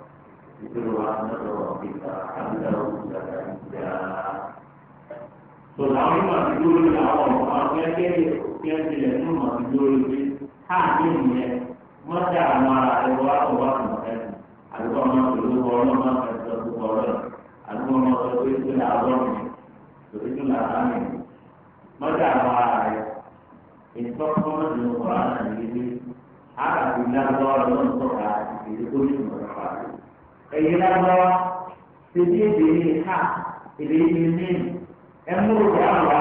ذكر رحمة ربك حمده سبعا Sọláwí máa fi dúró lórí àwọn ọmọ akẹ́kẹ́ kí ẹ tilẹ̀ ní máa fi dúró lórí káàdì ìyẹn mọ́tà àwọn ará ẹ̀rọ àtọ̀wá àtọ̀wá ẹ̀sìn àdúgbò ọmọ ìlú ọlọ́mọ ẹ̀sìn ọ̀dùnkọ̀ ọlọ́run àdúgbò ọmọ ọ̀sẹ̀ pé kí ni àwọn ọmọ tòlójú làrá mi mọ́jà àwọn ara rẹ̀ ìtọ́kọ́ mọ́jọ ọ̀rọ̀ náà ní ilé àràbí lágbára lọ́nà tọ́ka ìdílé tó ní ìmọ̀ nípa rẹ̀. ẹ̀yin lágbára ṣe bí èdè yìí ká èdè yìí ní ẹ mú òkè àwà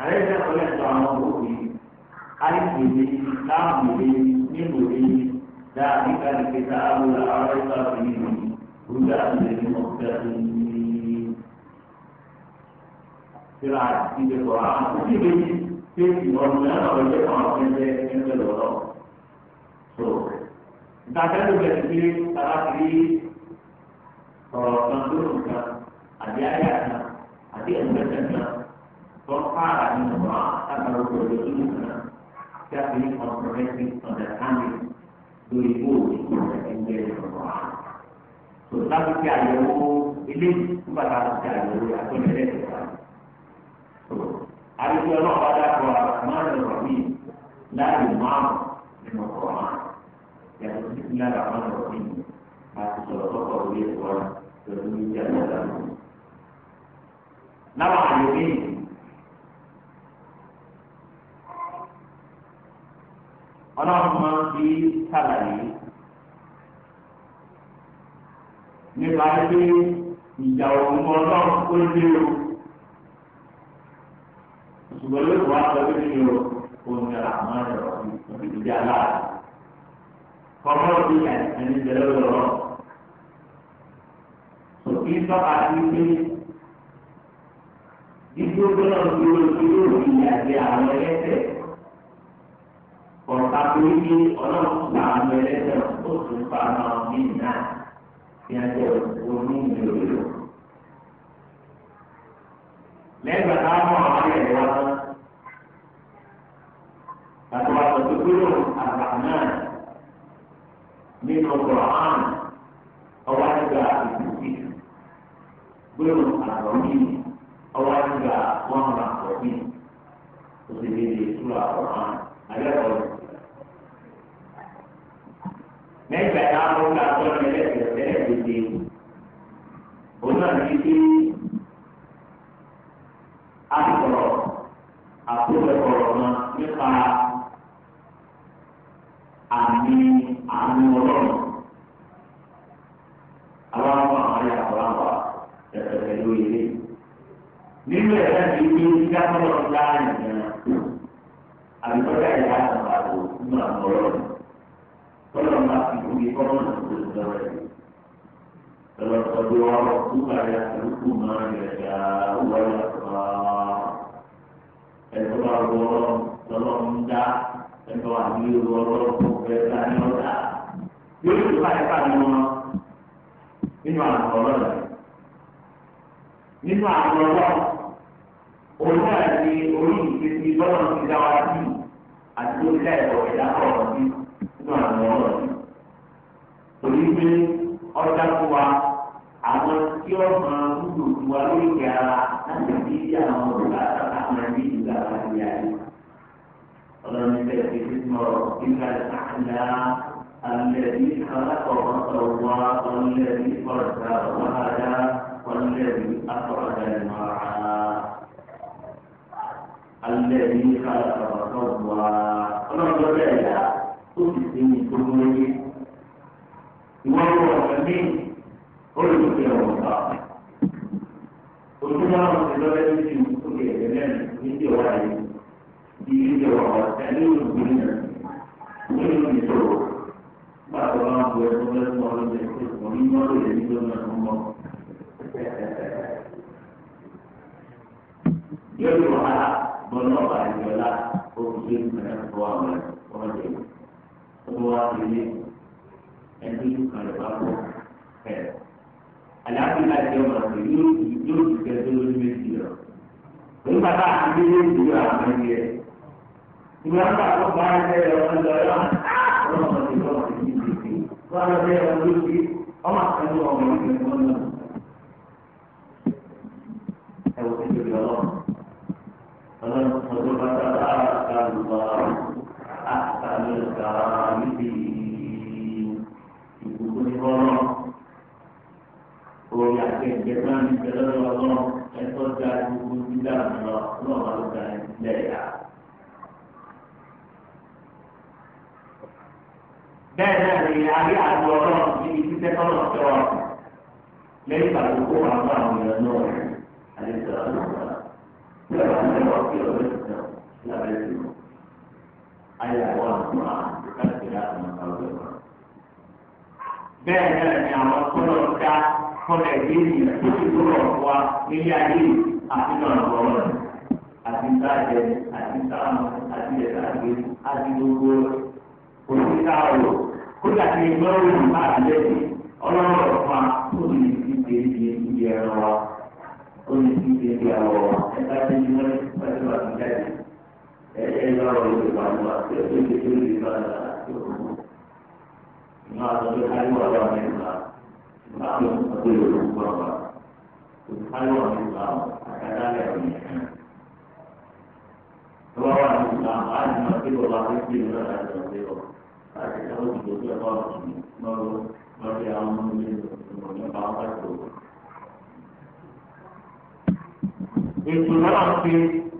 àrẹ ìṣẹ́ ìpínlẹ̀ tó àwọn òkè àìsèlè láàmùlé nímùlé dáàbí kálíkẹ́ta àwòrán àwọn ìṣàfihàn ìlú rúdà àti ìlú ọ̀gbẹ́ni. síra ìdè kọ̀ àwọn òbí méjì tí ìwọ̀n mìíràn ọ̀rọ̀ ìjẹ́ kan àwọn ẹgbẹ́ ẹgbẹ́ lọ́rọ̀. so ìdájọ́ ló bẹ̀rẹ̀ sí tara sí ọ̀rọ̀ kan tó lò kan àbí ayé kan àbí ẹgbẹ́ kan tó ń fara nínú wa lágbára òkè òjò tó lò kan tí a fi ní comprehensive understanding lórí bóòlù ẹgbẹ́ lọ́rọ̀ so láti fi àyẹ̀wò ilé nígbà tá a ti àyẹ̀wò àtúnyẹ̀lẹ́ ìgbà àdìsí ọlọ́pàá dàpọ̀ àrùn rọ̀bì láàyè márùn nínú ọ̀rọ̀ márùn yàtọ̀ sí ti lára àwọn rọ̀bì àti sọ̀rọ̀ tọkọ̀ orí ẹ̀kọ́ rẹ̀ pẹ̀lú ìjà ìjà lọ́wọ́. láwọn àyè mí ọlọ́run máa ń fi sàlàyé nípa pé ìjà òun ọlọ́run ó lé o ṣùgbọ́n yóò tó wá sọ pé kí ni o oh, òun ni àwọn ọ̀rọ̀ ìbí ìdí aláàbò kọ́mọ́ bí ẹni bẹ̀rẹ̀ lọ́rọ̀ òkè sọ́kà sí pé ìgbó gbọ́dọ̀ ní ojú yóò fi àti àwọn ẹlẹ́sẹ̀ ọ̀tà torí pé ọlọ́run gba àwọn ẹlẹ́sẹ̀ ó tún fa àwọn míì náà fi àjẹ òní ìlú lò lẹ́gbẹ̀ẹ́ táwọn àwọn ẹ̀rọ wa tó àti wàá tọ́jú gbóló àgbàmán nínú Quran ọwọ́ àgbà ìdùnnú gbóló àgbàmí ọwọ́ àgbà wọn bá kọ̀ọ̀bí òṣèlè ìṣúra Quran alẹ́kọ̀ọ́. Mẹ́gbà yà á mú ká tọ́ ní ẹlẹ́gbẹ̀ẹ́ ẹlẹ́gbẹ̀ẹ́ òun náà ní kí á sọ̀rọ̀ àkójọpọ̀ ọ̀rọ̀ náà nípa àmì àánú ọlọ́run. àwọn àwọn àwọn yà àwọn àwọn ẹ̀sẹ̀ pẹ̀lú ilé. nínú ẹ̀rọ ti ní ìdíjà mọ́lọ́ láàrin ìyẹn àbíkọ́jà ìyá àtàkùn nínú àwọn ọlọ́run. tọ́lọ́ máa fi omi kọ́mọ́ náà tó ti lọ́wọ́ ẹ̀. فلقد وربك يخلق ما يشاء ويقرا الخبر ورب فلم دع ẹ̀tọ́ àti ìlú ọlọ́pọ̀ ẹ̀ka ní ọ̀dà yóò tó bá ẹ̀ka ní wọn nínú àwọn ọlọ́dà nínú àwọn ọlọ́ òun náà ní orí ìgbésí bọ́lá ti dá wa sí àti orí ẹ̀rọ ẹ̀dá ọ̀rọ̀ sí nínú àwọn ọlọ́dà torí pé ọjà fún wa àwọn tí ó máa ń lò fún wa láti fi àwọn olùkọ́ àtàkùn ẹ̀mí ìgbà wáyé ayé. ولم يكن اسم ربك الاعلى الذي خلق وسوى والذي قدر وهدى والذي اخرج المرعى الذي خلق وسوى رب العلا تسلم كله وهو الذي قلت يا الله قلت يا رب الذي يمسك يدنا من جواره ṣe ọ̀rọ̀ tẹ̀lé ìgbìmọ̀ nínú ìṣòro pàtó máa ń bu ẹ̀kọ́ lẹ́nu ọlọ́dẹ kò ní mọ́ lóye nígbà náà ń bọ̀. yóò wá bọ́lá ọ̀bà ìjọba òkùnkùn ìgbìmọ̀ ẹ̀kọ́ àwọn ọ̀dẹ̀ ọ̀dọ̀ wa ti lé ẹni kan lè bá bọ̀ ẹ̀. àlàáfíà láti ọmọ rẹ̀ yóò ti tẹ́tọ́ lórí méjì rẹ̀. nígbà tá a ti lé ìdúró àwọn ẹni rẹ̀ ìyàmbá tó bá ẹgbẹ́ rẹ̀ wọ́n lọ yọ ọlọ́mọ ti lọ́wọ́ ti ti ti ti wọ́n lọ bẹ́ẹ̀ wọ́n ló ti ọmọ àtẹnu ọmọ ìgbẹ́ wọn lọ. ẹ wò ó ti lọ ọlọ́run ọjọ́ bá dábàá àtàlùbọ̀ àtàlùbọ̀ níbi ìgbòho ní bọ́lọ́ orí àgbẹ̀jẹ̀ náà ní bẹ̀rẹ̀ lọ́wọ́ ẹ̀tọ́ da gbogbo dídá lọ lọ́wọ́ àlùkà ẹ̀ lẹ́yà. bẹ́ẹ̀ náà ni ayé àti ọlọ́run níbi títẹ́ tọ́lọ̀ tẹ́ ọ lẹ́yìn ìgbà tó kó àwọn àwọn èèyàn náà àti ìgbà tó kó àwọn àwọn èèyàn náà kí ọ̀rẹ́ ti tẹ̀ lábẹ́ sí i. ayé àti àwọn káàkiri àwọn àwùjọ bẹ́ẹ̀ náà ni àwọn tọ́lọ̀ dá kọ́lẹ̀ yé tó ti tó wá nílé ayé àti náà lọ́wọ́ àti ìgbà àti ìgbà àti ìgbà àti gbogbo òtún ká ọ̀rọ̀ kódà kí ẹgbẹ́ òun bá àlẹ́ yìí ọlọ́rọ̀ 而然后你就介绍你，那那这样你我们把它走。ètò náà ṣe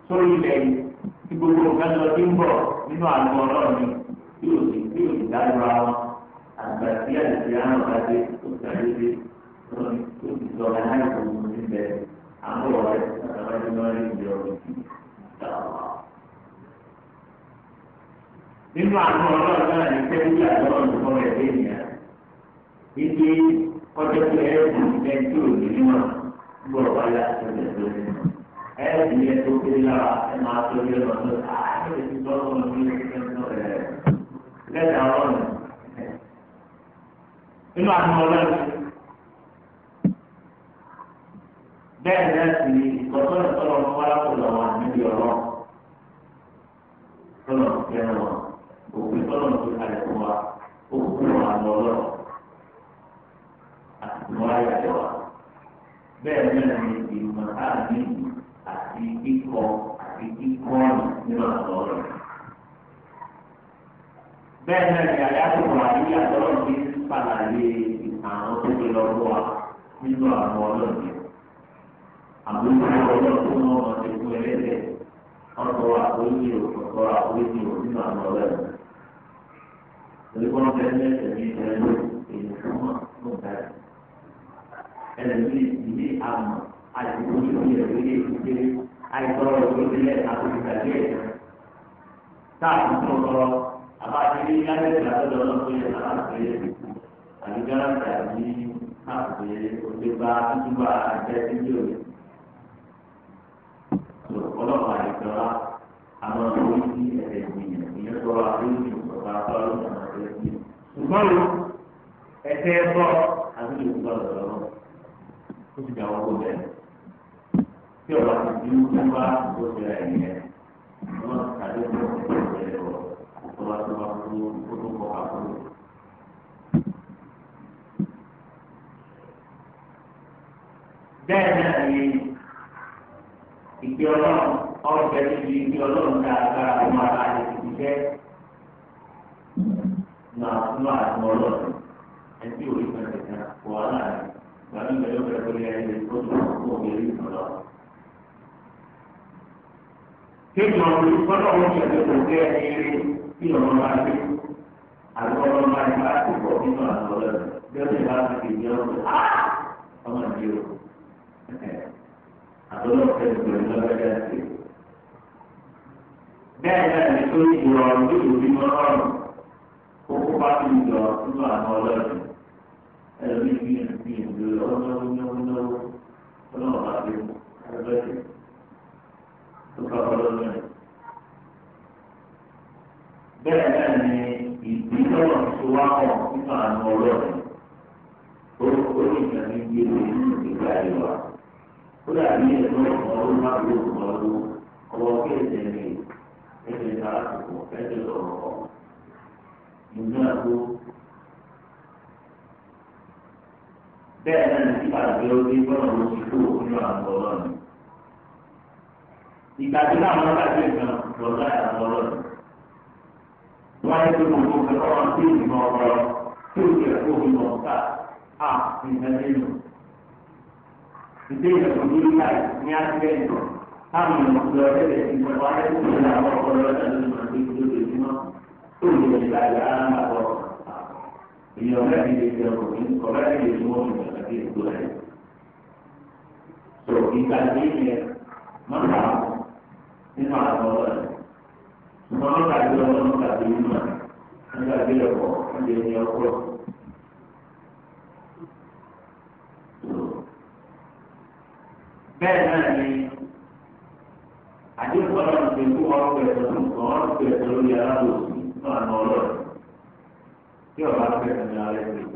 sórí ilẹ̀ yìí tí gbogbo nǹkan lọ sí ń bọ̀ nínú àlọ́ ọlọ́run ni tí ò sì tí ò sì dájú ara wọn àgbà tí àìsí àwọn ọ̀gáde tó ṣàdédé tó ti sọ ọ̀gá náà ìgbòho níbẹ̀ àwọn ọ̀rẹ́ àtàwọn ẹgbẹ́ náà lè jọ ọ̀gbìn nínú àwọn ọlọ́run náà ní pé wíwà lọ́rùn tó rẹ̀ léèyàn ike ọjọ́ pé ẹ̀rù ìfẹ́ tí ò ní wọn gbọ́dọ̀ wá yá tó lè tó lè mọ̀ ẹ̀rù yẹn tó kéré lára ẹ̀ máa tó lé lọ tó àárẹ̀ ti tọ́lọ́ wọn ní ẹgbẹ́ náà rẹ̀ lẹ́sẹ̀ ọlọ́run nínú àwọn ọlọ́run bẹ́ẹ̀ náà sì ni. bẹ́ẹ̀ náà ni àyàtọ̀ àríyá lọ́rọ̀ ní pàlàyé àwọn tó ti lọ́wọ́ wa nínú àwọn ọlọ́ọ̀dẹ. àbúrò ọlọ́ọ̀dẹ tó náà wọ́n ti fún ẹlẹ́dẹ̀ ọ̀tọ̀ àkóyè ọ̀tọ̀ àkóyè nínú àwọn ọlọ́ọ̀dẹ. olùkọ́ bẹ́ẹ̀ lẹ́sẹ̀ ní ìtẹ́lú èyí tó mọ̀ tó bẹ̀rẹ̀. ẹlẹ́mí ìdílé àmọ̀ àìsíkò ìdílé ìdílé ìdílé apa jadi kan ada dalam punya anak dia ada jalan tadi hak dia untuk bahan cuba ada tidur so kalau ada kalau ada polisi ada punya dia kalau ada itu berapa lu sama dia Sumaru, esok aku juga dalam. Kau tidak mau boleh. Tiada yang diubah boleh ini. Kalau ada yang bá tó bá kú kó tó kọ́ àbúrò. bẹ́ẹ̀ náà ni ìgbé ọlọ́run ọ̀bẹ níbi ìgbé ọlọ́run dá agbára fún ara rẹ̀ ti jẹ́ náà fún àwọn ọlọ́run ẹtí òrí kan tẹ̀sán wàhálà rẹ̀ gbàdúrà ìgbàlódé ọ̀bẹ tó lé ẹni tó tó kó òbí rí ìtọ́lọ́. kéèyàn ọ̀rọ̀ ìfọ́nà òun yẹ̀ lọ́wọ́ bẹ́ẹ̀ ni rí kí ọmọ máa gbé àti ọmọ máa gbé àkókò nínú àwọn ọlọ́run bí ó ti bá ti fi jẹ́ ọmọ ọmọ ìdí o àtọ́lọ́ fẹ́ẹ́ gbẹ̀rẹ̀ lọ́gbẹ́dẹ́ sí. bẹ́ẹ̀ náà ni tó ti rọ ní ìlú ní kókó bá ti yọ nínú àwọn ọlọ́run ẹ̀rọ ní ìlú ní ìlú ọlọ́run ní ọlọ́run ọlọ́run bá ti mú ẹgbẹ́ tó bá ọlọ́run náà. bẹ́ẹ̀ náà ni ìgbésọ̀rọ̀ tó wá hàn nínú àánú ọlọ́run orúkọ ìgbà ní gbèrè nínú ìgbà yìí wá ó dàbí ẹ̀rọ ọ̀rọ̀ máa lò ọ̀rọ̀ ọwọ́ kéde ẹ̀jẹ̀ ta ẹ̀jẹ̀ lọ̀rọ̀ ọ̀ àgbo bẹ́ẹ̀ ni nínú ẹgbẹ́ gbogbo ìgbà wọn tí ìgbìmọ̀ ọ̀rọ̀ tí ó ti ẹ̀kọ́ ìmọ̀ ọ̀tá à ìgbàlẹ́ nù. ìdíyẹ̀ kò ní láì ní àtìlẹ́yìn táwọn ènìyàn lọ ẹgbẹ́ ìgbìmọ̀ wọn ẹgbẹ́ ìgbìmọ̀ àwọn ọ̀rọ̀ ẹgbẹ́ ìgbìmọ̀ tó ti lóde ìgbìmọ̀ tó lè lè gbà yà á má bọ̀. ìyọ̀ mẹ́rin lè jẹ òkùnrin ọ̀rẹ́ lè mú ọ̀rọ̀ àti ìgbò rẹ̀. sọ ìgbàlẹ́ yẹn mọ́ta nínú àwọn ọ̀rọ̀ rẹ̀. 我们感觉我们感觉温暖。nígbà tí lọ́pọ̀ ọdẹ ní ọkọ̀. bẹ́ẹ̀ náà ni àdéhùn ọlọ́run ti kú ọ̀rọ̀ pẹ̀lú nǹkan ọ̀rọ̀ pẹ̀lú lórí alábòsí náà nà ọlọ́run tí ọba pẹ̀lú ní alẹ́ pẹ̀lú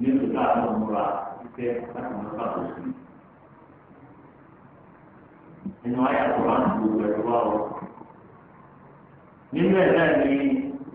nínú káàánú múra títẹ láti mú káàbòsí. ẹnu ayé àkùrọ̀ àti gbogbo ẹ̀rọ wa ọ. nínú ẹ̀ náà ni.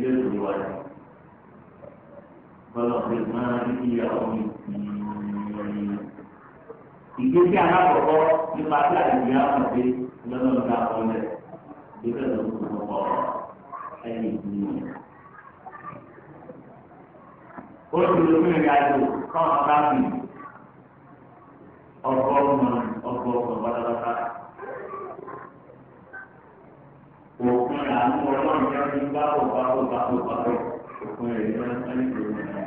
ilé ìwé wa ni bọ́lá ọ̀gbìn máa ń rí ìyàwó mi ìgbésí alákọ̀ọ́kọ́ nípa tí àdìyà ọ̀gbẹ lọ́nà ọ̀gá ọ̀lẹ̀ ìgbésẹ̀ ló ń kó ẹni ìgbìmọ̀. ó ti lo àjò káwọn bá bì ọgọ́rùn-ún ọgọ́rùn pátápátá òkun là ń wọ lọ́rùn yẹn ní báwò báwò báwò báwò òkun rẹ̀ ní wọ́n ń lò ní ẹ̀.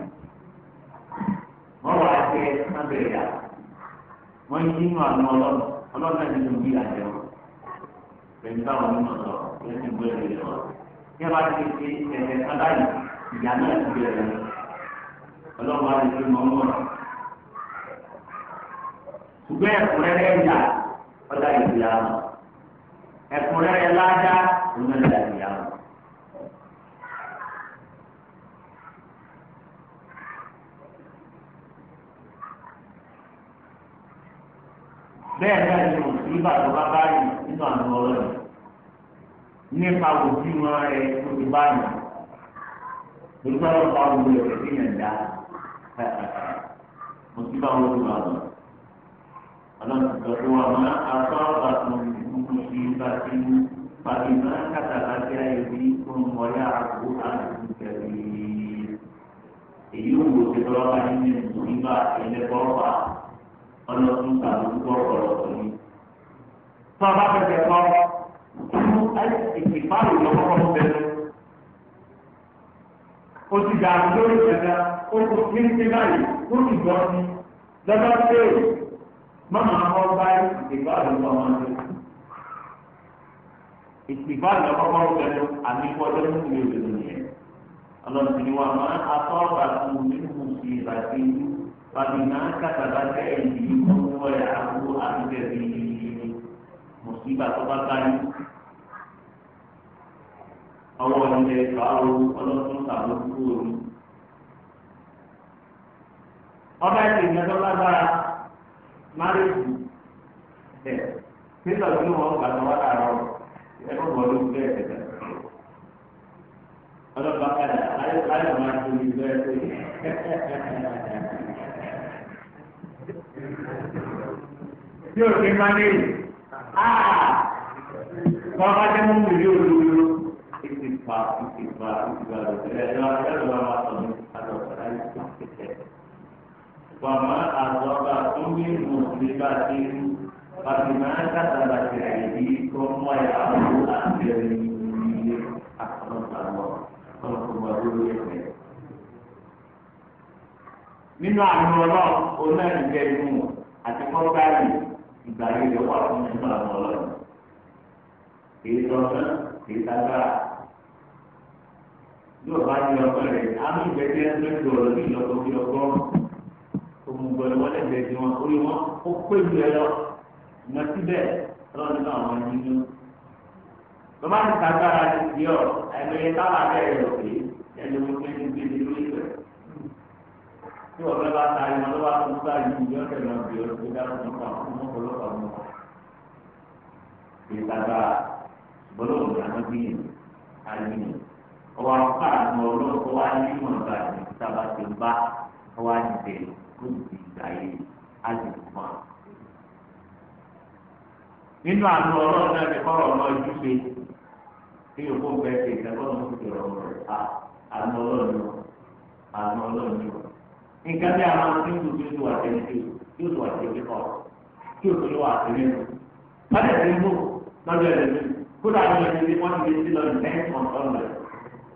wọ́n wá ṣe sábẹ̀ yà wọ́n yí inú àwọn ọlọ́run ọlọ́run náà nínú bí àjẹ wọn pẹ̀lú báwọn nínú sọ pé ní ìwé rẹ̀ wọn. bí bá ti ṣe ẹ̀ẹ́dẹ̀ sábà yìí ìyá náà ti bẹ̀rẹ̀ ọlọ́run wá lè fi mọ́ mọ́ ṣùgbọ́n ẹ̀kúnrẹ́rẹ́ ìyá ọjà nínú ìlà ìyàwó. bẹ́ẹ̀ náà ni òsínbà tó bá báyìí nínú àwọn ọ̀rọ̀ rẹ̀ nípa òbí wọn rẹ̀ tó ti báyìí olùkọ́ lọ́wọ́ bá wù ú rẹ̀ sí yànjá òsínbà wọn ló wà lọ. ọlọ́run ti sọ pé wọn máa ń asọ́ àbàtàn ìdúró sí ibà sí ìlú. فبما كتبت أيديكم ويعفو عن كثير èyí ò wò ṣe tọ́lá bá nínú ìlú nígbà ilẹ̀ bọ́ọ̀bà ọlọ́tún tàbí ọ̀rọ̀ ọ̀tún ni. tó a bá fẹsẹ̀ kọ́ inú ìpàrọ̀ ìlọ́kọ́ bẹ̀rẹ̀ o ti dà lórí ìṣẹ̀dá o kò ní ní báyìí o ti gbọ́ ni lọ́dọ̀ pé mọ́mọ́ àwọn báyìí ìpàrọ̀ ìlọ́kọ́ máa ń lò ìpìbá ìlọ́kọ́kọ́ ń bẹ̀rẹ̀ àmìkọ́jọ́ ní ìwé òdòdó yẹn ọlọ́run ni wàá máa atọ́ba fún nínú ìbàdí bàbí máa kàtàkà sẹ́yìn ní ọ̀pọ̀ ẹ̀ àbúrò àbíbẹ̀bí mùsùlùmí àtọ́ba báyìí ọwọ́ ilẹ̀ ìfàwọ́ ọlọ́run sàbókú òru. ọba ẹ̀sìn ìgbẹ́jọ́ lágbára máa rèé jù bẹ́ẹ̀ nígbà tí wọ́n gbàgbọ́ wà ẹ̀kọ́ bọ̀ ló ń bẹ́ẹ̀ tẹ̀lé. ọlọ́pàá kàdà ayé ayé máa tó ní bẹ́ẹ̀ tó yẹ. tí o ti máa léyìn kọ́ bá jẹ́ mú mi ní olóòlò ètò ìfà ètò ìfà ètò ìfà lọ́sẹ̀rẹ̀ ẹ̀rọ ẹ̀rọ wa sọ ní àtọ̀tọ̀ láyé tó ń tẹ̀tẹ̀. wàmọ́ àtọ́gbà tó ń gbé mọ̀ nígbà tí ń Bagaimana كتبت أيديكم ini semua yang أحسن الله خلق الله يحمي nínú àmì ọlọ́run oná ìjẹ inú wọn àti kọ́ńtàlì ìgbà yìí lè wà fún nínú àmì ọlọ́run èyí tọ́sán èyí tágbára yóò bá ní ọkọ rẹ àmì ìgbẹ́jẹ́ lójú ọ̀rọ̀ ní ìlọ́kọ̀ bí ọgọ́rùn-ún òmùgbọ̀n wọlé ìgbẹ́jẹ́ wọn orí wọn ó pè mí ẹ lọ mọ síbẹ̀ ọlọ́run náà wọn nínú. bàbá mi sàgbára ti di ọ àìmọye táwa bẹ́ẹ̀ rẹ̀ pé ẹni mo fẹ́ ní gbèdé lórí rẹ̀. tí wọ́n fẹ́ bá ta ìmọ̀ lọ́wọ́ tó ń bá yìí yọ ọ̀sẹ̀ náà bí ọ̀rọ̀ tó dáná tó ń pa fún ọ̀pọ̀lọpọ̀ mọ́. ìtajà bọ́lọ̀ ní àwọn gbìyànjú àyè ọwọ́ apá àwọn ọlọ́pọ̀ wá ní ìmọ̀ọ́ba ìtàbà ti ń bá ọwọ́ àdìsẹ́ lóògì ìgbà yìí á lè fún nínú àlọ ọlọ́run náà ti kọrọ ọmọ ojú kí yóò kó bẹ́ẹ̀ ṣe ìtẹkọrọ ọmọ ojú ṣe ọ̀rọ̀ rẹ̀ a àlọ ọlọ́run àlọ ọlọ́run nǹkan bí àwọn ọmọ tí ń tuntun tó wà tẹ́lẹ̀ tó yóò tó wà tẹ́lẹ̀ kọ tí yóò tó wà tẹ́lẹ̀ nù. lọ́dẹ̀ tí ń lọ́dọ̀ ẹ̀ lẹ́nu kódà ní ẹni tí wọ́n ti lè sí lọ́dún ten on sunday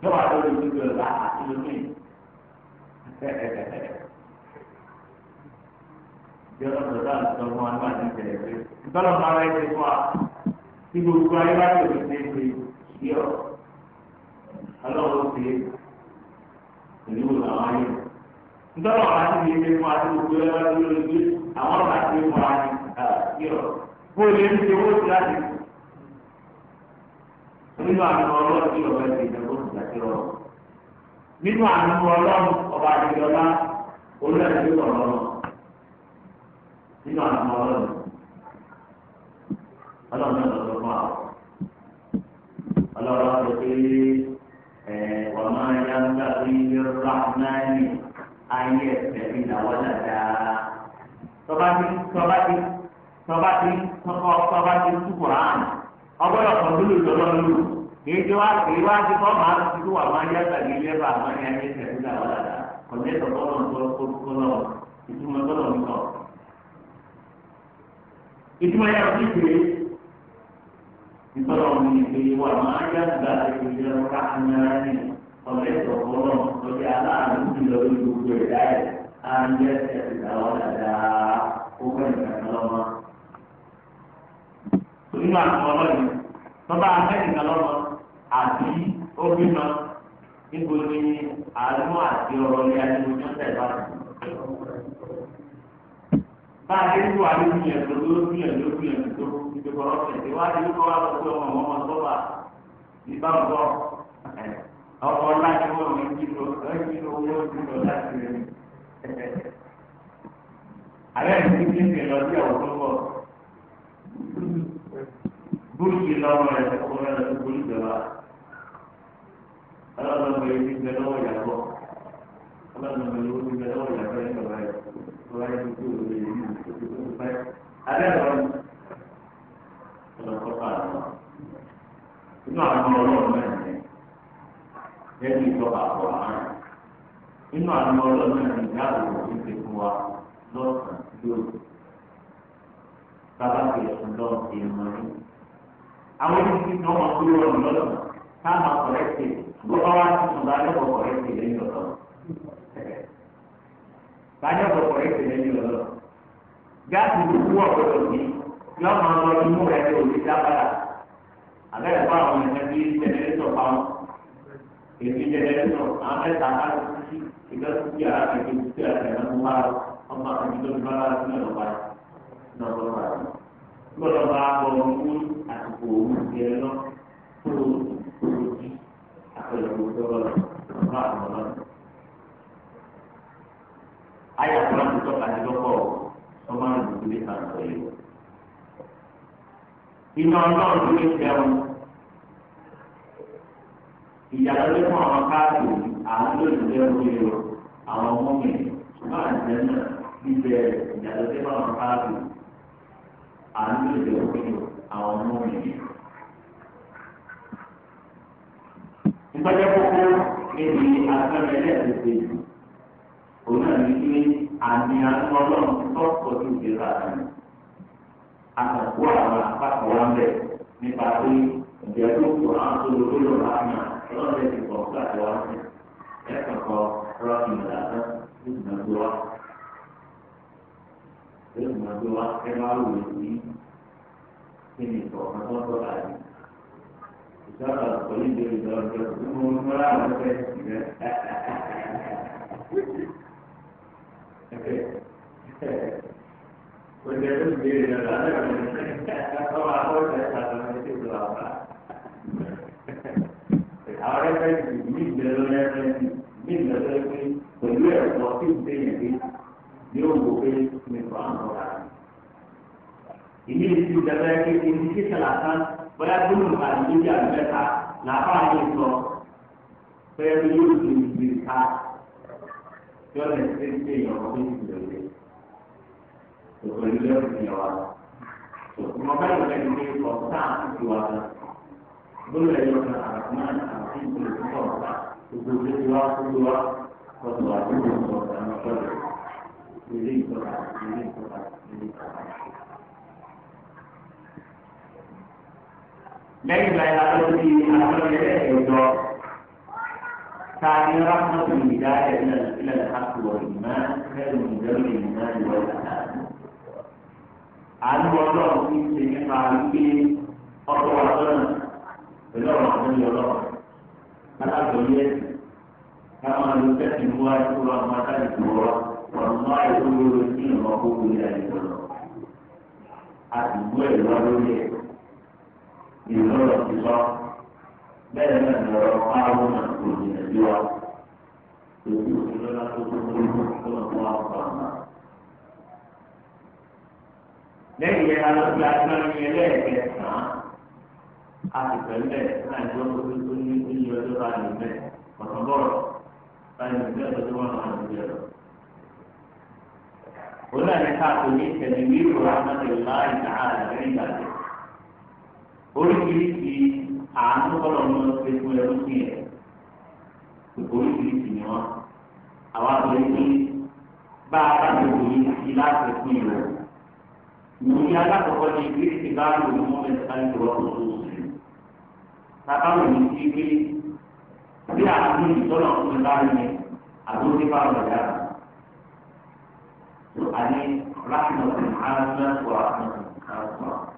yóò wà lórí ojú ẹ̀ bá àti àti ọmọ aláàbí tẹ̀lé ìtọ́nà máa rẹ̀ ṣe fún wa tí gbogbo ayé bá tẹ̀lé ṣe é ṣe yọ ọlọ́run ṣe é pẹ̀lú àwọn ayé ìtọ́nà máa ti ṣe fún wa tí gbogbo ayé bá tẹ̀lé ṣe àwọn ọ̀rọ̀ àti ìwọ̀n wa ni yọ bó lè ń ṣe owó ti láti nínú àmì ọlọ́run tí ọ̀bẹ ti ìdàgbò ìdàgbò ọ̀rọ̀ nínú àmì ọlọ́run ọba àdìgbọ́lá olóyè tó sọ̀rọ̀ nínú àmì ọlọ́run ọlọ́run náà lọ́dọ̀ fún àwọn. ọlọ́run sọ pé wọ́n máa ń yá nígbà tó yí ní rahmani ayé ẹ̀sẹ̀ ní ìdáwọ́ dáadáa. tọ́ba ti tọ́ba ti tọ́ba ti tọ́kọ́ tọ́ba ti túbọ̀ ránì ọgbọ́dọ̀ kan lólu lọ́lọ́ lólu kì nítorí wọn ní ìpè wà máa yá gbà ètò ìjọba ká anyára ní ọ̀rẹ́ ìtọ̀kọ́lọ̀ lórí aláàánú ti lọ lórí gbogbo ẹ̀dá ẹ̀ á ń yẹ ẹ̀sìn àwọn dáadáa ó fẹ́ nìkan lọ́mọ. nínú àwọn ọlọ́yìn tọ́ba amẹ́ríkà lọ́mọ àbí obìnrin níbo ni àánú àti ọ̀rọ̀ ilé ayélujára ẹ̀ bá ti bá e (laughs) a lè wà ní gbìyànjú ló gbìyànjú gbìyànjú tó ìdìbò ọ̀sẹ̀ tí wàá di kọ́ àwọn ọmọ ọmọ ọmọ sọ́ba ìbá ń bọ̀ ọkọ̀ láti wọ́n mi kíló ẹ̀kíló owó kíló láti rẹ̀ alẹ́ ní kí ní kí lọ sí àwọn tó bọ̀ búrúkì lọ́wọ́ rẹ̀ kó rẹ̀ lọ́wọ́ búrúkì lọ́wọ́ ọlọ́dọ̀ mọ̀ ti bẹ lọ́wọ́ yàgbọ́ ọlọ́dọ̀ mọ̀ ti bẹ lọ́wọ́ yàgbọ́ ẹ̀ wáyé gbogbo òwe yìí gbogbo tó ń fẹ́. Adé ọ̀rọ̀ ni ọ̀dọ̀ kọ́kọ́ àlọ́. Inú àwọn ọmọ ọlọ́run náà ni lẹ́yìn ìjọba àpọ̀ àárín. Inú àwọn ọmọ ọlọ́run náà ni ìyá àwòrán ti ṣe fún wa lọ́sàn-án lóru. Bàbá fi ẹ̀sùn lọ sí ìmọ̀ ní. Àwọn ibi tí wọ́n máa kúrò ọ̀nà lọ́dọ̀ táwọn akọ̀rẹ́sì gbọ́dọ̀ wá sí ìtùbá lọ́kọ̀ọ̀rẹ́sì lẹ́yìn ọ̀dọ̀ kájọ kọkọ yìí tẹ́lẹ̀ ní ọlọ gáàsì ló kú ọgbọdọ sí yọọ máa lọ inú rẹ ní òbí dábàlà abẹ́rẹ́ fún àwọn ènìyàn bíi jẹnẹrétọ̀ fáwọn èmi jẹnẹrétọ̀ àwọn mẹ́ta bá ti ti ìgbà tó ti ara rẹ̀ tó ti ara rẹ̀ lọ́mú wá ọmọ àti tó ti bá wá sí ọ̀pá lọ́wọ́ wá sí. gbọ́dọ̀ bá bọ̀ fún àsìkò òun ìgbẹ́ lọ kúrò kúrò sí àpẹẹrẹ òun tó rọrùn ọ̀pá àwọn ọlọ́run ayé àkùrá ti tọ́ka ti lọ́kọ̀ ọmọ ìlú ilé kan sọ yìí. iná ọlọ́run ló ń jẹun ìyàrá ló fún àwọn káàdì àwọn ló ń jẹun ní o àwọn ọmọ mi ṣùgbọ́n àjẹ náà bíbẹ ìyàrá ló fún àwọn káàdì àwọn ló ń jẹun ní àwọn ọmọ mi. ìtọ́jú kókó níbi àtúnṣe ẹlẹ́ẹ̀kejì òun náà ní pé àmì àwọn ọlọ́run ti tọ́ pọ̀ sí ìdílé àná àtàkùn àwọn àpapọ̀ wa ń bẹ̀ nípa pé ìjẹ́ tó kù àwọn tó lò lórí ọ̀rọ̀ àmì ọlọ́run lè ti pọ̀ sí àti wá sí ẹ̀sán kọ rọ́ọ̀kì ìdàgbà tó sì máa gbé wá tó sì gbé wá ẹ máa wò ó sí kí ni ìfọ̀kàn tó tọ́ àyè ìjọba ìjọba ìjọba tó ń mú ọmọ láwọn Benda tu dia dah ada. Kalau aku saya salah mesti berapa. Awalnya saya min dalamnya saya min dalamnya ni benda waktu itu ni dia bukan memang orang. Ini itu dalamnya ni ini si selatan berada di luar ini dia berada. Napa ini so? Saya dulu di di sana. yọ̀ọ́ lè ṣe ṣe ìyàwó bí ìdílé òkè ilé ìyàwó ọmọ báyìí lè ṣe ọ̀sán àti wà lọ lórí ẹ̀yọ́ kan àràkùnrin àti ìpínlẹ̀ tó kọ̀ ọ̀sán gbogbo tó ti wá kúrò wá ọ̀sán àti ìpínlẹ̀ ọ̀sán ọ̀sán ilé ìtọ́ka ilé ìtọ́ka ilé ìtọ́ka. lẹ́yìn ìgbà yẹn la lọ sí àwọn ẹlẹ́yìn ẹ̀jọ́. ثاني رحمة الهداية إلى إلى الحق والإيمان خير من جمع الإيمان والإحسان. عن وضع في سنة عليك أطول سنة بلا رحمة الله فلا توليت كما يمتكن هو يقول رحمة الله والله يقول الدين المقبول إلى الله. أتمنى الله يقول إن الله bẹ́ẹ̀ náà ni ọ̀rọ̀ pààrọ̀ náà kò ní ẹ̀jẹ̀ wa èyí ò ní lọ́la tó tó ní ìlú tó lọ fún àwọn ọ̀nà. lẹ́yìn yẹn alọ́gbé agbárin yẹn lẹ́ẹ̀kẹsàn-án a ti pẹ̀lẹ́ náà ìjọ tó tó ní ìlú ọjọ́ bá lè bẹ̀ ọ̀tọ̀bọ̀rọ̀ báyìí ní ìjọ tó wọ́n náà lè bẹ̀rẹ̀. òun náà ní káàkiri ní ìtẹ̀lé wíwò rámọ́tò láì àánú kọ́lọ̀ ní wọ́n ṣe fún ẹrú sí ẹ̀ gbogbo oríṣiríṣi ni wọ́n àwọn àgbẹ̀ ní bá a bá gbogbo yìí sí láti fún ìlú ní alákọ̀ọ́kọ́ ní kírísì bá lò ní mọ́mẹ́tì bá ń lò wọ́n tó tó sí bàbá mi ní sí pé bí àánú ìtọ́nà fún mi bá rí mi àbúrò ní bá wọ̀ dára àní rákìnà ọ̀sẹ̀ àánú ẹ̀kọ́ àánú ẹ̀kọ́ àánú ẹ̀kọ́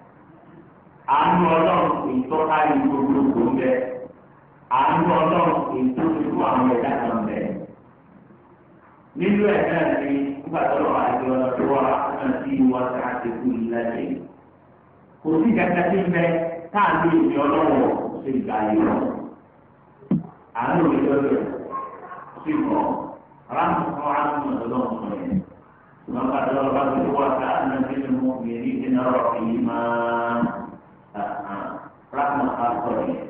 àánú ọlọ́run kì í tọ́ka ní gbogbogbò ń bẹ àánú ọlọ́run kì í tó ti fún àwọn ẹ̀dá kan bẹ. nínú ẹ̀ náà ni nígbà tó lọ́wọ́ àti ọ̀nà tó wà náà sí wọn ká ti kú yìí lẹ́yìn. kò sí kẹta bẹ káàdì ìní ọlọ́wọ̀ ṣe ìgbà yìí lọ. àánú mi lọ́dọ̀ sí mọ́ ráńtì àánú ọlọ́run mọ̀ yẹn. وقد ربت وكأن في المؤمنين رحيما rahma àtọ̀rọ̀ yẹn.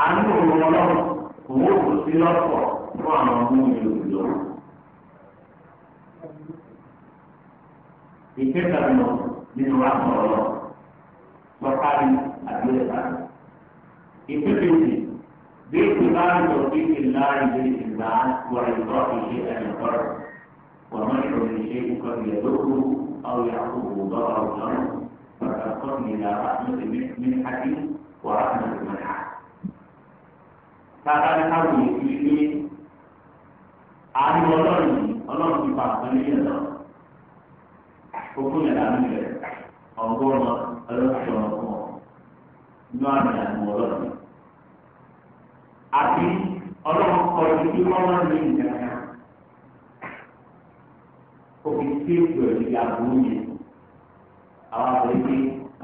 àánú òun ọlọ́run òun ò kò sí lọ́pọ̀ fún àwọn ọmọ mi lòdò. ìkẹta nù nínú rahma ọlọ́run lọ́kàlì àdúrà ìpínlẹ̀ باعتبار توفيق الله بالإنسان وإعطاء شيئا للفرد ومنع من شيء قد يضره أو يعقبه ضررا فتقرني إلى رحمة من حكيم ورحمة من حكيم káàkiri káwọn èyí ti gbé ariwo ọlọ́run ọlọ́run ti pa àpẹẹrẹ yẹn lọ kókó yẹn lànà yẹn ọgọ́rùn ọlọ́sọ̀ ọ̀gbọ̀n inú àmì àmì ọlọ́run àti ọlọ́run kọ ibi wọn wọn ní ìdáná òfin tí èkó ẹ̀ ní àbúrò yẹn àwọn àgbẹ̀ pé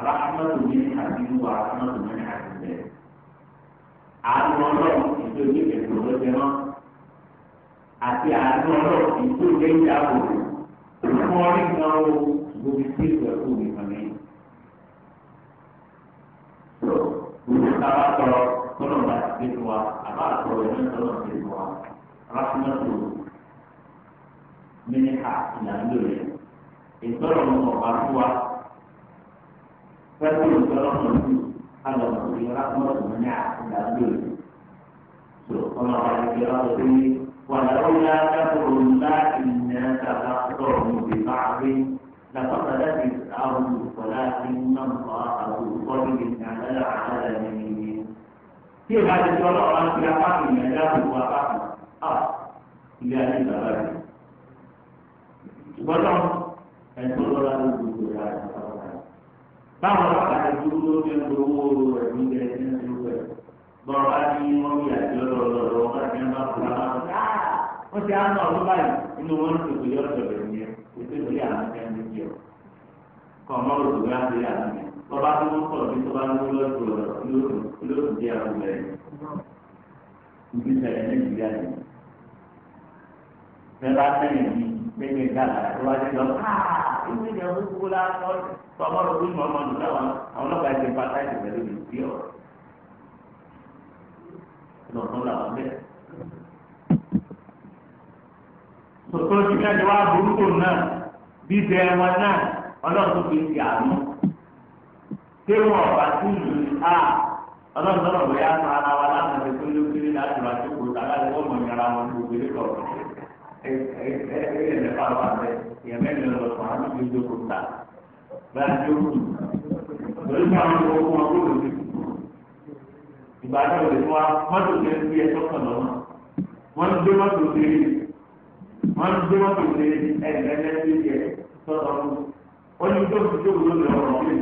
rahmatu mi ní àbínú wa rahmatu mi ní àbínú àánú ọlọ́run ìgbé ìwé ìgbẹ̀rún lọ́jọ́ náà àti àánú ọlọ́run ìgbé ìwé ìyàwó ìfún ọrí náà ó gbòmí sí ìwé ẹ̀kọ́ mi kan ní. Gbogbo táwa sọ̀rọ̀ tọ́lọ̀ bá ti dé fún wa àbá àtọ̀rọ̀ ẹ̀ náà tọ́lọ̀ ti dé fún wa. Ráfínàtò mínísà ìlànà rẹ̀ ìtọ́rọ̀ ọ̀gá fún wa pẹ̀lú ìjọlọ́mọ sí alọ̀mọ sí rákùnrin ọ̀sán ní àgbàdo tó ọmọ àgbàdo ọ̀sán sí wàlúù lákàtúrò láti nà kàkà sọ̀rọ̀ níbi báàbí làkọ́sọ̀dá ti àwọn olùkọ́lá ti ń nà mọ́ àwọn olùkọ́lá ti nà lọ́dọ̀ àlọ́ ẹ̀yìn. tí ìbá ti sọ lọ́wọ́ ti apá kìnìyàn dáàbò apá kan ilé báwọn ọ̀kadà dúró lórí ẹgbẹ́ owó rẹ̀ ní ilẹ̀ ẹ̀sìn ìlú rẹ̀ bọ́ọ̀ bá ní wọ́n bí àjọ lọ́lọ́lọ́ wọ́n bá ti ń bá kúrò àwọn ọ̀gá wọ́n báyìí nínú wọn ní tòkè yọ ọ̀dọ̀ rẹ̀ ní ètò ìwé àwọn ẹgbẹ́ ń bí ọ. kọ́ ọmọ òdò wá wọ́n bá tó ń pọ̀ tó bá ń lọ lọ́dún ìwé ni ọdún gbogbo la sọ tọmọ rẹ fún ìmọ̀ ọmọdún náà àwọn ọlọ́pàá ẹgbẹ́ bá táyì pẹ̀lú ìlú bí ọ̀rọ̀ ìlú ọ̀tún làwọn bẹ́ẹ̀. tòtò tí ká ti wá burúkú náà bí bẹ́ẹ̀ wọn náà ọlọ́run tó fi ti àánú tí wọn ọ̀bà tún lù ú a ọlọ́run tó lọ́wọ́ yá sọ ara wa láti ẹ̀ èèyàn mẹ́rin lọ sọ àwọn tó ń jókòó ta báyà jókòó lórí fún àwọn tó wọ́n tó lò sí. ìgbà tó lè wá mọ́tò tó ń fi ẹ̀tọ́ kàn lọ́wọ́ wọ́n ń gbé mọ́tò tó lè wọ́n ń gbé mọ́tò tó lè ẹ̀ẹ́dẹ́ lẹ́sẹ̀ yẹ sọ́dọ̀ ọ̀hún. ó ní tó ti jókòó lórí ọ̀rọ̀ ọ̀hún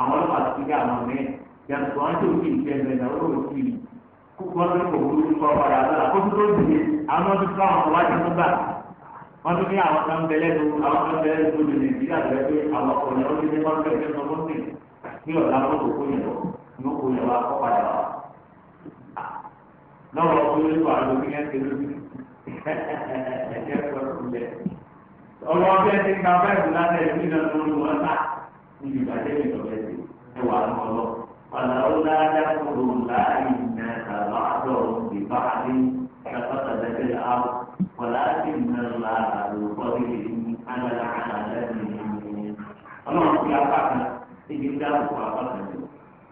àwọn ọlọ́pàá ti ká àwọn mẹ́ yàtọ̀ wọn tó fi ìfẹ́ mẹ́ta ó lò sí kókó ọdún kò burú kọ́ padà lọ́la kó tó tó dìde àwọn ọdún tó àwọn ọ̀wá wọ́n tún ní àwọn kan tẹ́lẹ̀ tó àwọn kan tẹ́lẹ̀ tó lè nàìjíríà tẹ́lẹ̀ pé àwọn ọ̀nà ó ti ní wọ́n tẹ̀lé tó tó ń ní ọ̀la ló kò kó yẹn lọ ló kó yẹn wá kó padà wá. lọ́wọ́ ó lè wà lórí yẹn ti lórí ẹ̀jẹ̀ pẹ̀lú ilẹ̀. ọ̀rọ̀ ọ̀bẹ ti ń ka bẹ́ẹ̀kù lásẹ̀ ní ìlànà lórí wọn ta níbi ìbàjẹ́ mi lọ ولكن الله بفضله أنا على ذنبه ọlọ́run fi apá kan síbi tí a kò apá kan lò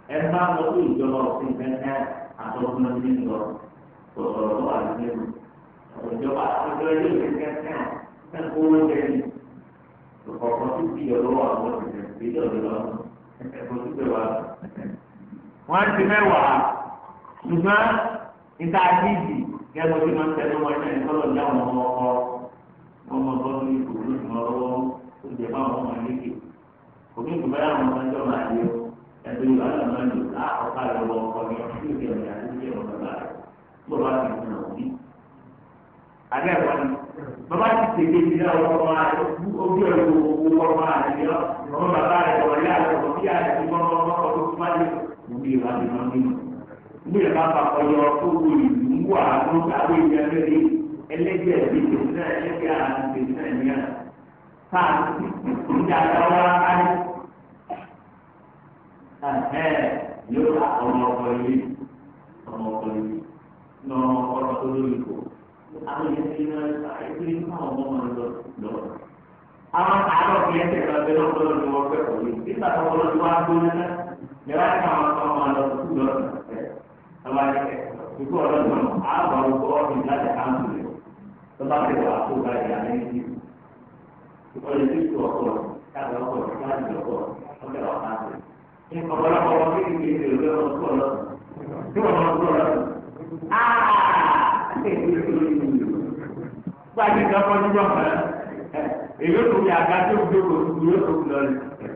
ẹ bá lọ sí ìjọba òfin fẹ́ẹ́ àtọ́kùnrin ní lọ sọ̀rọ̀ tó wà nínú ìjọba àtọ́jọ́ ilé ìwé fẹ́ẹ́ fẹ́ẹ́ kó ló jẹ́ ní ọ̀pọ̀ tó fi ọ̀rọ̀ àwọn òṣìṣẹ́ ìdílé ọ̀dọ́ lọ ẹ̀kọ́ tó fẹ́ wà. wọ́n ti mẹ́wàá ṣùgbọ́n níta àdíjì kẹ́gbọ́n tí wọ́n ń tẹnu wọn ẹ̀ṣẹ̀ nítorí ọ̀dá àwọn ọmọ ọkọ wọn mọ bọ́ sí ipò ní ìmọ̀ lọ́wọ́ tó jẹ́ bá wọn wọn lékè òbí ìgbà yà wọn ọjọ́ máa yẹ ẹgbẹ́ ìwà náà máa lò á ọ̀ká rẹ̀ ọkọ ní ọdún ìgbà yà tó jẹ́ wọn bàbá rẹ̀ bó bá ti fún ọ bí. alẹ́ ni bàbá ti tètè ti dá ọkọ máa ojú ẹ̀ wo owó ọkọ máa rẹ̀ yọ ọmọ bàbá rẹ̀ wọlé àlọ́ bí ìyá bá kọjọ ìlú ń wà ló káwé ìyẹ́fẹ́lẹ́ ẹlẹ́gbẹ́ ìdíje náà ẹgbẹ́ àti ìdíje náà ní à. Táà ìjà àtàwọn aráyé. Ẹ yóò ra ọmọ ọkọ yìí ọmọ ọkọ yìí ní ọkọ tó lórí kò. Àwọn ìyẹn ti náà ẹgbẹ́ ní káwọn ọmọ ọmọ lọ Àwọn àárọ̀ kìí ẹsẹ̀ kan bẹ lọ́kọ́ lọ́dún ọgbẹ́ kọ̀wé. Nígbà tó wọ́n lọ́dún wá gbóná náà, lẹ́wọ́n ká àwọn ọmọ ọmọ lọ sí tọ́ba tẹ̀ ikú ọ̀dọ́ tó àbá ọkọ ọ̀dùn láti káńtù rẹ̀ tọ́ba tẹ̀ wà kó ba ìyá ní ìdí ìkọlẹ̀ tí kò ọkọ̀ káàdì ọkọ̀ káàdì ọkọ̀ ọkọ̀ wà káńtù rẹ̀ ní ọ̀pọ̀lọpọ̀ wọn kí ni kí ni ọ̀dọ́ ọkọ̀ ọ̀dọ́ tí wọ́n mọ̀ ọkọ̀ ọ̀dọ́ gbàdúrà kọjú bọ̀ mọ́ ẹ̀ èlò tó yà gàdúrà tó yóò tó lọ rẹ̀.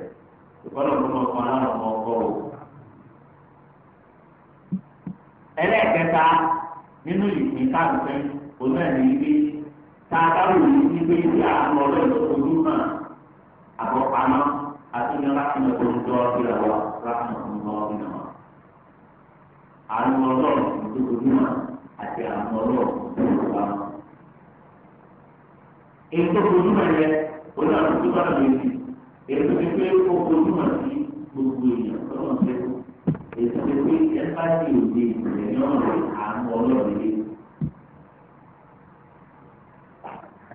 ìkọlọ̀ fún ọkọ náà ọmọ ọkọ o. ẹlẹ́ẹ̀kẹta nínú ìpín káàkiri òun náà ní ibi tá a dárò yìí ní pé ibi àwọn ọ̀rẹ́ ìṣòro náà àbọ̀pamọ́ àti ní lákìmọ̀ tó ń tọ́ ìlà wa lákìmọ̀ tó ń tọ́ ìlà wa. àwọn ọlọ́run tó náà àti àwọn ọlọ́run tó ń tọ́ náà yẹ oní àwọn tó lè fi èyí ti pé ó gbójúmọ̀ sí gbogbo èèyàn lọ́nà tẹ́ èyí ti pé ẹ bá ní òde ìpìlẹ̀ ní ọ̀rọ̀ àánú ọlọ́run yìí.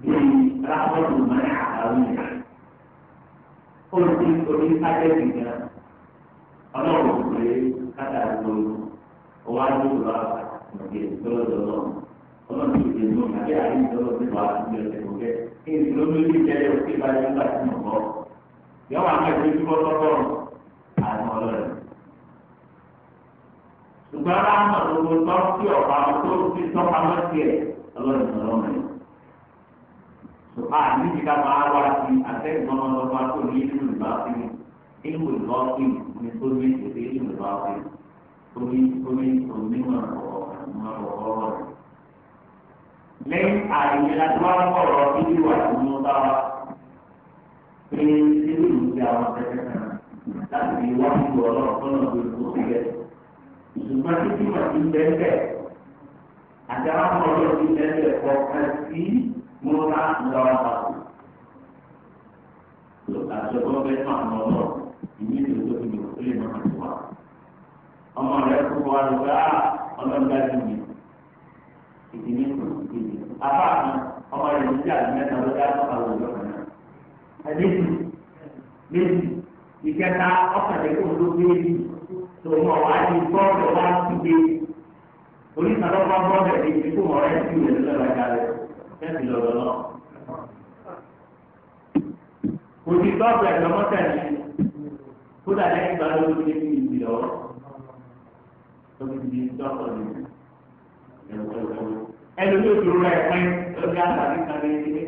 bíi rákọ́tù máa ń àkàwé yẹn ó ti orí sákẹ́tì gan ọlọ́run pé káta gbòòrò ọwọ́ àdúgbò àwọn ọ̀gẹ̀ lọ́dọọdọ ọlọ́run ti dè mọ́ àbí àyè ìjọba ti wà á ti bẹ̀rẹ̀ ẹ̀kọ́ kẹ́ kí n ló lórí ìjẹ́lẹ̀ yọ wà ní ẹgbẹ́ dúró tọ́tọ́rọ̀ àwọn ọlọ́rẹ̀. ṣùgbọ́n bá ń sọ̀rọ̀ gbogbo tọ́ sí ọ̀pá tó ti tọ́ka lọ́sí ẹ̀ ọlọ́rẹ̀ ọlọ́rẹ̀. ṣùgbọ́n àníbi ká máa wá sí àtẹ́gbọ́n ọlọ́pàá tó ní ìlú ìgbà sí ìlú ìgbà sí ní tó ní ìṣẹ̀lẹ̀ ìlú ìgbà sí omi omi onímọ̀ ọ̀rọ̀ lẹ́yìn àyè pé irú ìgbé àwọn tẹ̀sán náà láti fi wá ìlú ọlọ́run tó náà lórí tó ti yẹ. ṣùgbọ́n títí mà ti ń bẹ́ẹ̀ àti àwọn ọlọ́run ti bẹ́ẹ̀ kọ̀ọ̀kan sí múra lọ́wọ́ pàtó. àṣọ tó bẹ́ẹ̀ máa ń lọ lọ ìwé ìlú tó ti lò ó lè má ti wá. ọmọ rẹ̀ kú wa ló bá ọlọ́run dájú mi. ìdílé kò sí kejì. apá àná ọmọ rẹ̀ ní ìjà mẹ́ta ló dá àwọn òjò ẹ̀mẹ́jì méjì ìkẹta ọ̀kadẹ̀kọ̀ ló gbé èyí tòun ọ̀wá ti bọ́ọ̀lù wá síbi oníkàlọ́ bá bọ́ọ̀lù ẹ̀dí ti kó ọ̀rẹ́ sí ìwé lọ́wọ́ ẹ̀dá rẹ̀ kẹ́sì lọ́dọ̀ náà. kò sí bọ́ọ̀lù ẹ̀dọ́ mọ́tẹ̀lì kódà lẹ́yìn ìgbà ló gbé ní ìdí lọ́wọ́ tóbi di dọ́kọ̀ ní ẹ̀wọ̀n ẹ̀wọ̀n ẹ̀lòmí òdòdó rẹ̀ pẹ́ lọ́dún àtàlí kan ní ìdílé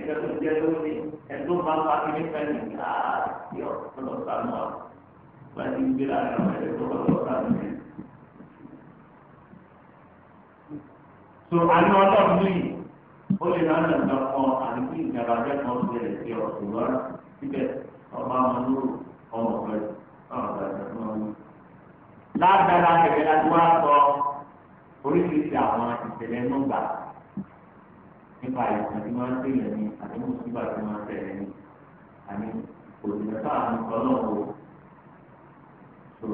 ẹnìkan tó jẹ lórí ẹ̀tọ́ máa ń pàṣẹ nípa ẹni ààyò lọ sànù àwọn wọn ti gbé láàrin àwọn tó lọ sànù yẹn. so àní ọlọ́run yìí ó lè máa ń lọ nǹkan kan àní kí ìjàmbá jẹ́ kan tó lè ṣe ọ̀sùn lọ́rùn síbẹ̀ ọba wọn ló ọmọ pẹ̀lú ọmọ pẹ̀lú ọmọ láti wá sọ oríṣiríṣi àwọn ìṣẹ̀lẹ̀ nùgbà nípa ìsìn tí máa ń tẹ̀yẹ̀ ní àti mùsùlùmí tí máa ń tẹ̀yẹ̀ ní àní òṣìṣẹ́ káàmù sọ́nà o so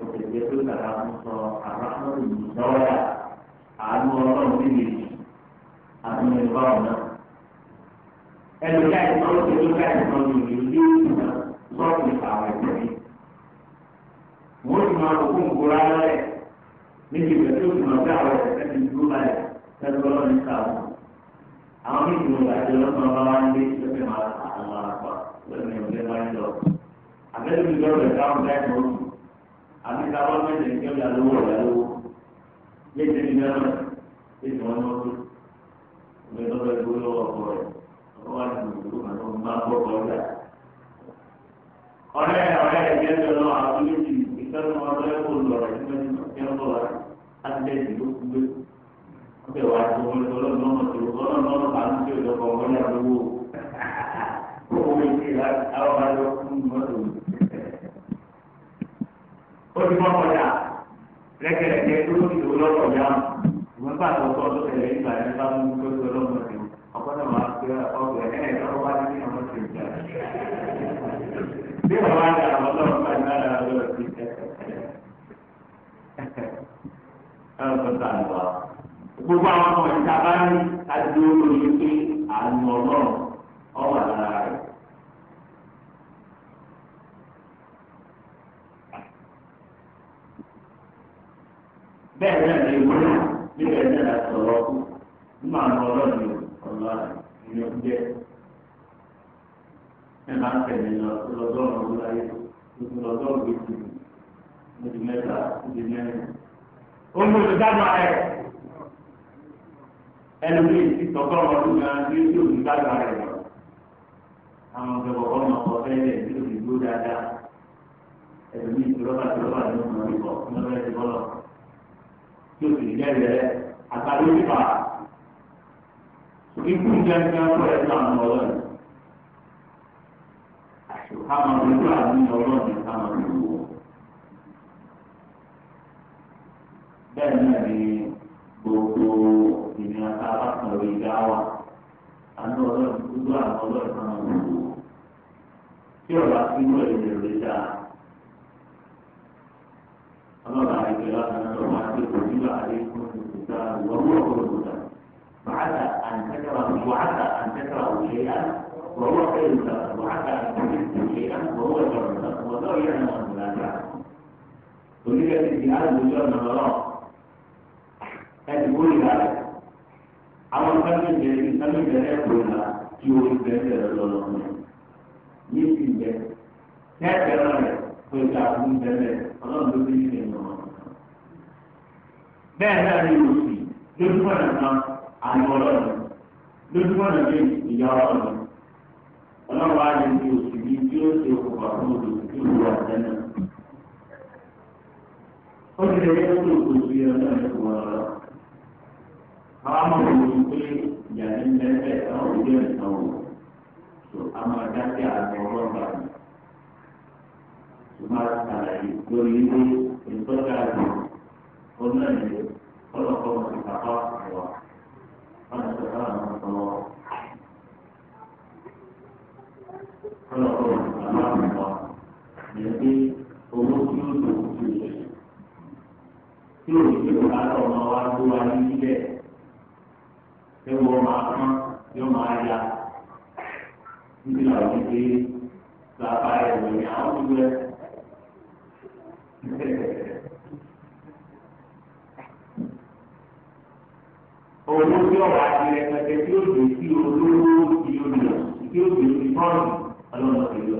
òṣìṣẹ́ tó kàrà ń sọ àràmọ́lù ìṣọ́ra àánú ọlọ́run ní lèyí àánú ẹ̀fọ́ ọ̀nà ẹlòmíà ìtọ́ ló ṣe lókè àìsàn ní ìlú ní ìlú sọ́ọ̀tì àwọn ẹ̀jẹ̀ mi wọ́n ti máa kó nkúra rẹ̀ níbi ìgbà tó ti máa gbé àwọn ẹ̀jẹ̀ mi dúró àwọn méjì ló gbà jọ lọ́sàn-án bá wá ń gbé lọ́sẹ̀ máa ta àwọn àpá lọ́sẹ̀ ọ̀gbẹ́ bá ń lọ. àbẹ́lẹ́ mi lọ́rọ̀ ẹ̀ káwọn bẹ́ẹ̀ mọ́ ọ̀sùn àbí káwọn mẹ́jẹ̀ ń kẹ́wọ́ ìyàlówó ìyàlówó léṣe ní mẹ́rọ̀ léṣe wọn lọ́ sí. ọ̀gbẹ́ lọ́rọ̀ ẹ̀ gbówó lọ́wọ́ ọkọ rẹ̀ ọkọ wa ti gbòòrò màá lọ́wọ́ máa bọ́ pé wà á tó ọlọ́run náà tó ọlọ́run náà bá ń tó ìjọba ọmọ ní àdúgbò owó ìdí àwọn àjọ fún mọ́tò. ó ti mọ́ kọjá lẹ́kẹ̀lẹ́kẹ́ tó ló ti lò lọ́kọ̀ yá ìwọ́n bá tó tọ́ tó tẹ̀lé nígbà tí wọ́n bá mú tó tó ọlọ́run tó ọkọ náà máa fi ọgbẹ ẹ̀ ẹ̀ ọkọ bá ti ní ọmọ tó ìjà. bí wọ́n bá dà ọlọ́run gbogbo àwọn ọmọ ìta bá ní kájú olóyè pé àánú ọlọ́run ọwọ́ àlára rẹ̀. bẹ́ẹ̀ náà ni ìwé náà níbẹ̀ náà la sọ̀rọ̀ kú nínú àwọn ọlọ́run ní ọ̀nà ìlú jẹ́ ẹ̀ máa ń tẹ̀lé lọ lọ́dọ́rùn ọdún láyé tuntun lọ́dọ́rùn gbèsè ní ti mẹ́ta ní ti mẹ́rin. ó ń lò ẹ̀ ẹnu bí èsì tọgọrọ ọdún gan bí ó yóò gbígbá gba rẹ lọ àwọn ọgbẹ bọbọ ọmọ ọkọ fẹlẹ bí ó lè dúró dáadáa ẹnu bí ìrọba ìrọba ló ń lọ ní ọbẹ ti bọlọ tí ó sì jẹ rẹ àgbàdo nípa ikú jẹjẹrẹ fún ẹ náà ń lọ lọ àmọ́ ìlú àbí ọlọ́run àmọ́ ìlú wọn. bẹ́ẹ̀ gbogbo. ní ata bá sọ̀rọ̀ ìgbà wa àánú ọlọ́run gbogbo àwọn ọlọ́run náà ń wò ó tí ọ̀rọ̀ àti inú ẹ̀ lè rí dáa ọlọ́run àìgbẹ́ lọ́sàn án lọ́wọ́ àti ìgbòjúlọ̀ àlékún ìgbà lọ́wọ́ òkúta bàtà àǹtẹ́kẹ̀rọ̀ bàtà àǹtẹ́kẹ̀rọ̀ òṣèlú وهو خير لك وعسى ان تحب شيئا وهو شر لك والله يعلم انه لا تعلم تريد الاستئذان بشر نظرات هذه كل ذلك àwọn sábẹ́ bẹ̀rẹ̀ sábẹ́ bẹ̀rẹ̀ ẹ̀kọ́ ìlà tí o ti bẹ̀rẹ̀ bẹ̀rẹ̀ lọ́lọ́ mọ́ yìí ti bẹ̀ tẹ́ẹ̀bẹ̀rẹ̀ rẹ̀ pé ká fún bẹ̀rẹ̀ ọlọ́run ló ti ṣe ìmọ̀ bẹ́ẹ̀ náà ni o sì lójúmọ̀ náà kan àyọ̀ ọlọ́run lójúmọ̀ náà bí ìyá ọlọ́run ọlọ́run á lè fi oṣù yìí tí ó ṣe òkùnkà fún odò tí ó wà lẹ́nu ó ti lè yẹ kó o kò káwá mọ̀ ní pé ìyàrá ń bẹ́ẹ̀ táwọn òbí ẹ̀ tán wò tó a máa dá sí àgbọ̀ ọlọ́gbà mi tó máa ṣàlàyé lórí ilé ìtọ́jú àgbọ̀ ọ̀nà ìlú ọlọ́kọ̀ ti bàbá wa ọ̀nà tó bá àwọn ọ̀sán wa ọlọ́kọ̀ ti bàbá wa lẹ́gbẹ́ owó tí ó lò ewu máa kán yóò máa ya níbi làwọn ìgbé bàbá ẹ̀wọ̀ ni àwọn tó gbẹ. owó tí ọ̀rọ̀ àti ẹ̀kẹ́kẹ́ tí ó dé sí olówó tí ó dé tí ó dé sí bọ́ọ̀lù ọlọ́run ti lọ.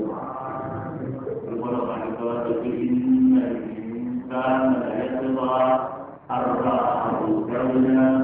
Olùkọ́lọ́ pàdé sọ́wọ́ tó fi ní Nàìjíríà ní Ghana ẹ̀ẹ́dẹ́gbà àrùbá àrùbá ìdáwó náà.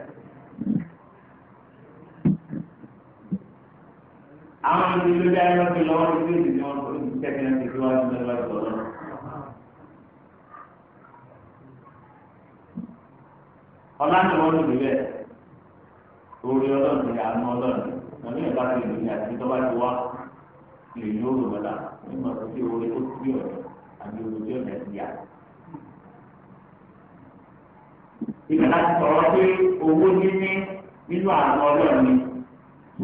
àwọn ìdílé bí ayé wọn fi lọ́wọ́ ní bí ìdílé wọn fi tẹ̀sí náà ti fi wájú lọ́wọ́ ìgbọ̀ náà. ọlá ni wọn lò níbẹ̀ orí ọlọ́run ní àánú ọlọ́run wọn ní ìbá ti lò ní àti tó bá ti wá lè ní òòlù mọ́lá nígbà tó ti orí tó ti ọ̀dọ̀ àti olùdí ọ̀dọ̀ ti yà. ìgbà láti sọ̀rọ̀ pé owó níní nínú àánú ọlọ́run ni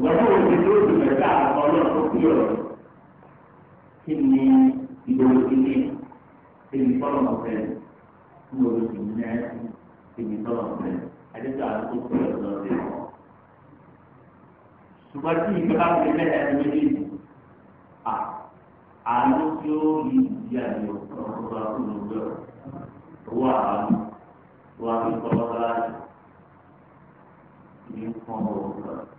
wọ́n ti tó ti mẹ́ta ọlọ́run kí ọ̀rọ̀ kí ni ìgbòho ti ní èmi tọ́lọ̀ ọ̀fẹ́ ìgbòho ti ní èmi tọ́lọ̀ ọ̀fẹ́ àdéhùn àti tó kí lọ sí ọ̀. ṣùgbọ́n tí ìgbà bá ti lẹ́ ẹni méjèèjì à àánú tí ó yí ìdí àyè ọ̀rọ̀ bá kú ló gbé ọ̀ owó àánú wọ́n á fi kọ́ ọ́ láti ní ọ̀rọ̀ kan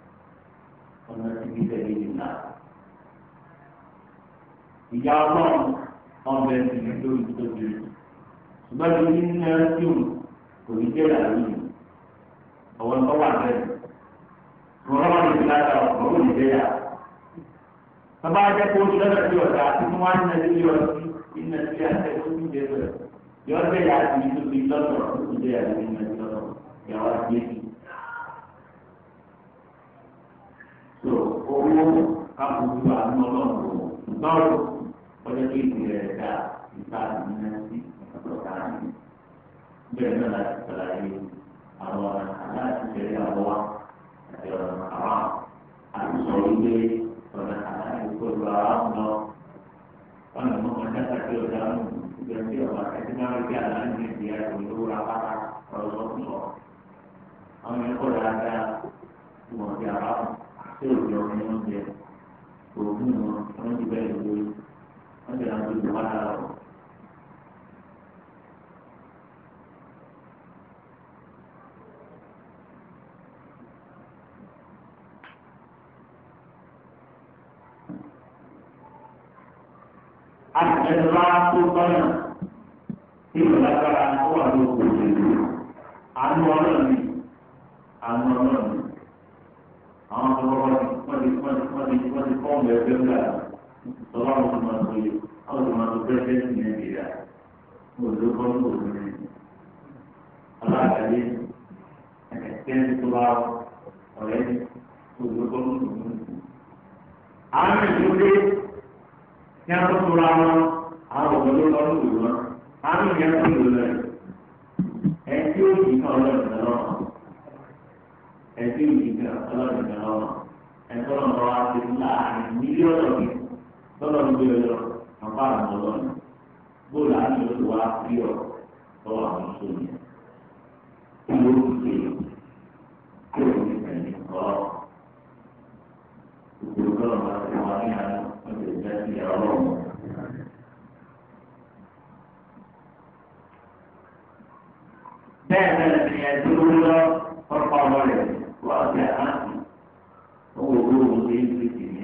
ọ̀nà síbi tẹ̀lé ìlà. Ìyá ọlọ́run ọmọ ẹ̀sìn lórí tó Ṣùgbọ́n ní ní ní ẹ̀sìn kò ní jẹ́ ìyàwó yìí. Ọ̀wọ́ ń tọ́wọ́ àbẹ̀. Rọ̀rọ̀ wọn ìdílé àgbà ò ní jẹ́ Bàbá ajẹ́ kó oṣù lọ́dọ̀ sí ọ̀dà àti fún wa nínú ẹ̀sìn yọ sí nínú ẹ̀sìn àti ẹ̀kọ́ sí ìjẹ́ bẹ̀rẹ̀. Yọ̀ọ́ bẹ̀rẹ̀ àti ìdílé lọ́dọ̀ ọ̀rọ̀ ò tó owó kápòtù àánú ọlọ́run lọ́rùn ọjọ́ tó ìdí rẹ̀ dá ìta ìdíná sí ọ̀tọ̀ọ̀tà ní. bẹ́ẹ̀ náà láti sàlàyé àwọn aláàtì tẹ̀lé àwọ̀ àti ọ̀nà àwọn àtúnṣe ìwé ọ̀nà aláàtì kọlu àwọn lọ. ọ̀nà mọ́kàn dáta tí ó dá mú ìgbẹ́ tí ọ̀nà àti máa rí bí aláàtì ìdí àti olówó apáta ọ̀rọ̀ sọ̀tún sọ. àwọn ẹ̀kọ́ dáadáa tí wọ́n fi àbáwọn. séèkì ọmọ oúnjẹ òògùn wọn wọn ti bẹ́ẹ̀ lé wọn ti rántí ìwà ara tó tí ó lágbára wà àwọn tó wọ́n wọ́n ti wọ́n ti ẹgbẹ́ ńlá tọ́lá wọn tó máa tó yẹ àwọn tó máa tó pẹ́ẹ́pẹ́ sí nàìjíríà wọn ló kọ́ ní òun ní aláàgbáyé ẹ̀kẹ́kẹ́ tó bá ọ̀rẹ́ wọn ló kọ́ ní òun ní. àwọn ìdílé ní a tó wọn àwọn ọ̀gbẹ́ ló kọ́ ní wọn àwọn ìyẹn tó lò lẹ́yìn ẹ̀ tí ó yìí kan lọ́dún náà ẹbí ìgbà ọlọ́run ìgbà ọ̀rọ̀ ẹ̀kọ́ ọ̀rọ̀ wa ti láàrin mílíọ̀nù mi lọ́dọ̀ ń gbé lọ àpá àwọn ọlọ́run bóòlù àti oṣù wa fi lọ́wọ́ àwọn oṣù mi. Ìlú òkè kí o ní ẹ̀mí kọ́ ìgbòho lọ́rọ̀ máa ti wá ní àná ọ̀sẹ̀ ìgbà sí ọlọ́run. Bẹ́ẹ̀ bẹ́ẹ̀ ni ẹ̀dúró lọ ọ̀pọ̀ ọmọ rẹ̀ ọ̀gá ààbò owó owó owó yẹn ti ti ní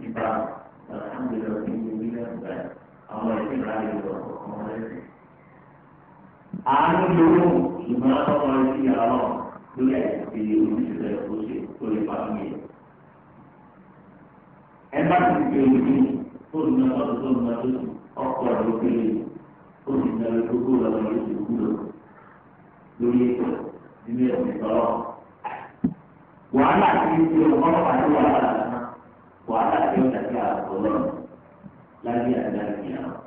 nípa alhamdulilayi ọdún yìí ní ìgbà àwọn ẹ̀sìn láàyè lọ ọmọ ẹ̀sìn. àánú lówó ṣùgbọ́n ọmọ ẹ̀sìn yàrá náà lórí àìsí oníṣẹ́ oṣù tó lè pa mí. ẹ bá ti fi èyí ní olùmọ̀ ọdún tó ń bá tó ọkọ̀ ọ̀dọ́ kéré olùdarí gbogbo ọ̀dọ́ yóò ti kú lọ lórí ètò ilé ọ̀gbìn tọ́lọ́ wàhálà tí ó ti ọ̀pọ̀lọpọ̀ àti wàhálà lásán wàhálà tí ó dàbí àkọlọ́ lábí àdáyé àwọn.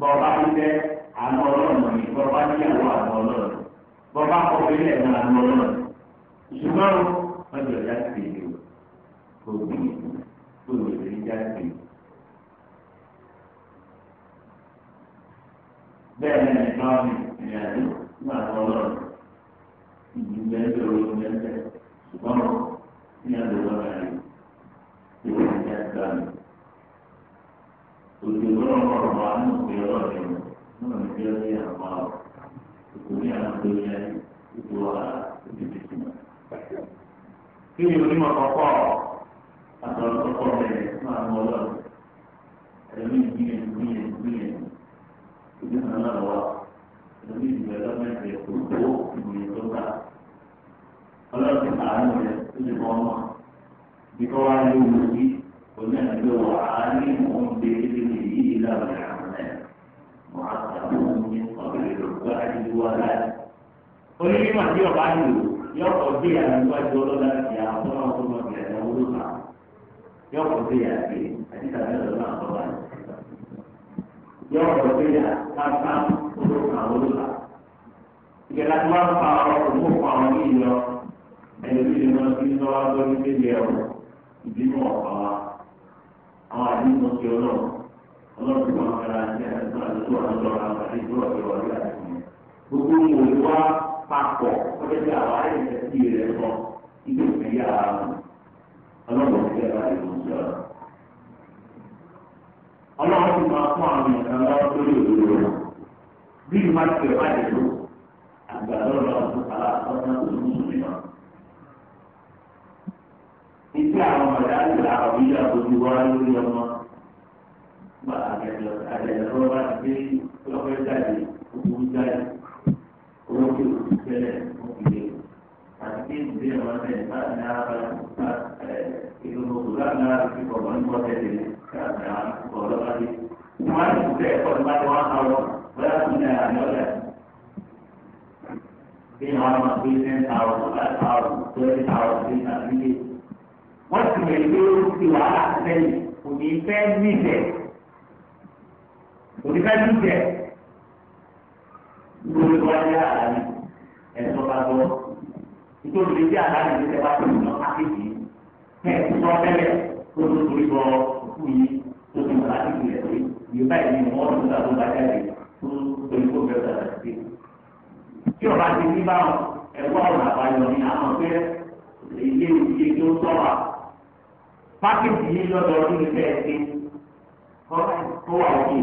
bọ́ọ̀bá ti tẹ àná ọlọ́run ní bọ́ọ̀bá ti yàwó àná ọlọ́run bọ́ọ̀bá kọ́ ilé ẹ̀ka àná ọlọ́run ṣùgbọ́n wọ́n ti ọ̀já sí èdè o kò bí kò lè rí já sí i. bẹ́ẹ̀ ni ẹ̀ka ọ̀nà ìrìn àjò fún àwọn ọlọ́run ìlú bẹ́ẹ̀ lórí ìgbẹ́sẹ̀ ṣùgbọ́n ní àgbẹ̀ wọn rà yìí ìwé ìjà gbà mí. òjò lọ́rọ̀ ọ̀rọ̀ wa ní òkè ọlọ́run yẹn náà ní bí ó ní àwọn àwọn òkú ní àwọn tó yẹ ìlú wa ìdíje sí wọn. kí ni onímọ̀ kọ̀ọ̀kọ̀ àtọ̀rọ̀ kọ̀ọ̀kọ̀ bẹ̀rẹ̀ fún àwọn ọlọ́run ẹ̀rọ ìgbìyànjú ìgbìyànjú ìgbìyànjú ìgbìyànjú lórí ìdẹ́lọ́mẹ̀tì ẹ̀kọ́ ìròyìn tó gbà. ọlọ́run àánú rẹ̀ tó lè mọ ọmọ bí kọ́ wá ní owó sí onídàájọ́ wà á ní mò gbé kékeré yìí láwọn àwọn ẹ̀ mọ̀ á sàbò ní ọ̀rẹ́ gbọ́ àdìgbò aláì. onímọ̀ tí ọba ń lò yọkọ̀ bí àdìgbàjọ ọlọ́dà ti àwọn ọmọ tó mọ̀ bí ẹ̀dá owó lọ́ta yọkọ̀ bí àdìgbà àti tàbí ọ̀dọ́ náà yọ ọ̀rọ̀ pé yà káfá ló kà ó lò. Ìgbàlá tí wọ́n fa ọ̀rọ̀ òkú pa wọn ní ìlọ ẹni tí ìlú náà fi ń lọ́wọ́ lórí pélé ẹ̀rọ ìbínú ọ̀pá wa. Àwọn àdínkù ti ọlọ́run ọlọ́run tí wọ́n fara ní àdúgbò àdúgbò àdúgbò àwọn àdúgbò àdúgbò àdúgbò àdúgbò. Gbogbo ìwòye wa papọ̀ ọjọ́ tí àwọn àyẹ̀kẹ́ sí rẹ̀ sọ ìgbésí yàrá ọlọ́run ti ẹ̀rọ àdúgbò sọ̀rọ̀ ọlọ́run ti máa fún àwọn èèyàn lọ́wọ́ lórí òdodo rẹ̀ bí ìmọ̀ àti ìwà ìdìbò àgbàdo lọ́wọ́ tó kàlà ọ̀sán tó ń sùn nìyàn. Iṣẹ́ àwọn ọ̀dà ìlà àwọn ìyá ojú wa lórí ọmọ gba àgbẹ̀dọ̀ àgbẹ̀dọ̀ lọ́wọ́ bá ti gbé lọ́fẹ́ jáde òkú jáde owó tó ti tẹ́lẹ̀ òkèlè àti bí ìdílé ọmọ náà bá ní ara bá òkú láti náà ti kọ̀ ọlọ́pàá yìí wọ́n á ti bẹ́ẹ̀ kọ́ nípa tí wọ́n á kọ́ lọ bóyá kò ní àyà ní ọ̀lẹ́. bí wọ́n á máa gbé ten thousand five thousand twenty thousand three thousand three wọ́n ti lè gbé ti wàhálà sẹ́yìn kò ní fẹ́ níjẹ̀ kò ní fẹ́ níjẹ̀ lórí wáyé àlàyé ẹ̀sọ́ bá gbọ́ nítorí lè àlàyé ìgbésẹ̀ wá sí ìlú náà pàkíyì kẹ́ẹ̀sì sọ tẹ́lẹ̀ kó tó torí bọ́ ọ kú yìí tó ti máa ti gbìyànjú pé yóò báyìí ni wọ́n tún ta bá jáde fún olùkó bẹ́ẹ̀ bá ti dé. tí ọ̀rọ̀ àti ní báwọn ẹ̀wọ́ ọ̀rọ̀ àbáyọ ni àwọn pé ilé ìdíje tó tọ́ra pákéjì yìí lọ́dọọdún ní bẹ́ẹ̀ ṣe kó wà ní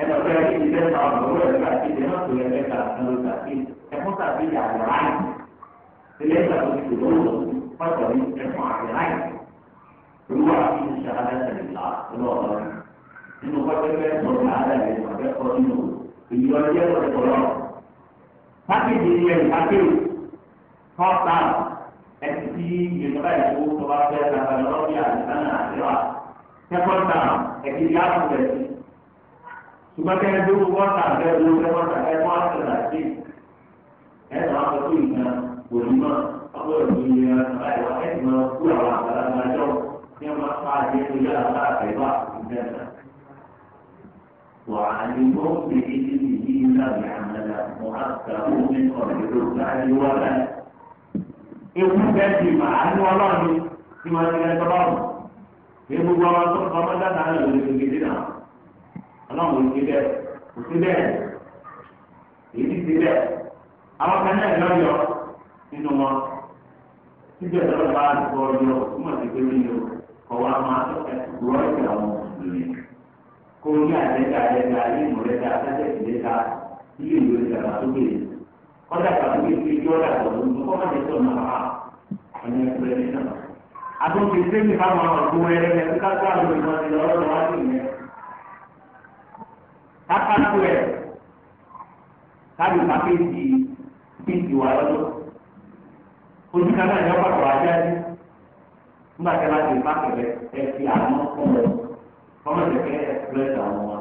ẹnlọ bẹ́ẹ̀ ní ìdílé ta ọ̀rọ̀ owó ẹ̀rọ àti ìdílé náà tó yẹ bẹ́ẹ̀ ta ilé ìgbà tó ti dòdò pọ̀jọ́ ní ẹ̀fún àwòrán ìwúwà kí ni sàádà tẹ̀lé la lọ́wọ́ nínú kọ́tẹ́kẹ́ sọ sàádà yẹn ọ̀bẹ kọ́ nínú ìyọ jẹ́ ọ̀tọ̀lọ́ pákéjì ni ẹ̀ pákéjì kọ́ta ẹtì tí yorùbá yẹn tó bá fẹ́ làbàlì lọ́bí àdìsánà àdìrà kẹ́kọ̀ọ́ta ẹtì yà á fún ẹtì ṣùgbọ́n kẹ́ ẹ dúró kọ́ta bẹ́ẹ̀ dúró kẹ́kọ̀ọ́ta ẹ kọ́ àtẹ̀lá sí ẹ̀ ẹ̀ lọ́wọ́ àkọ́kọ́ ìgbà wòlímọ̀ ọgbọ́n ìgbìyànjú ẹ̀ ẹ̀ يوم أصبح يده لا أصبح بيضاء وعلموا بإذنه لم يعمل مؤثر من قبل الرسل ولا إذن جدي مع أن والله لما تجد الله nínú gbogbo àwọn tó ń pamọ́ dáadáa lọ lórí gbèdé náà ọlọ́run ò sí bẹ́ẹ̀ ò sí bẹ́ẹ̀ èyí ti sí bẹ́ẹ̀ àwọn kan náà lọ́yọ̀ nínú wọn síbẹ̀ lọ́dọ̀ bá àdúgbò ọjọ́ túmọ̀ sí pé nínú ọwọ́ àwọn àtọ̀kẹ́kọ̀ọ́ ìgbà àwọn mùsùlùmí kó ní àdẹ́ka àdẹ́ka ìmọ̀ rẹ́ka afẹ́fẹ́ ìdẹ́ka ilé ìwé ìjàmbá tó gbèrè ọ̀dà ìpàdé ìgbé ìjọ ọ̀dà ìpàdé kọ́ má jẹ́ sọ náà ọ̀nà ìpàdé náà. àtúntò ìsẹ́yìn fáwọn ọ̀gbọ́n ẹ̀rẹ́ ẹ̀rẹ́ káká lórí wọn ti lọ́wọ́ lọ́wọ́ sí ìyẹn. káká tó ẹ̀ káàdì pàkéjì bíi ìwà lọ́dọ̀ ojú kan náà yọ nígbà tí a bá ti bá kẹ̀kẹ́ ẹ fi àánú fún ọ kọ́mọ kẹ̀kẹ́ ẹ̀sìpẹ́sì àwọn ọmọ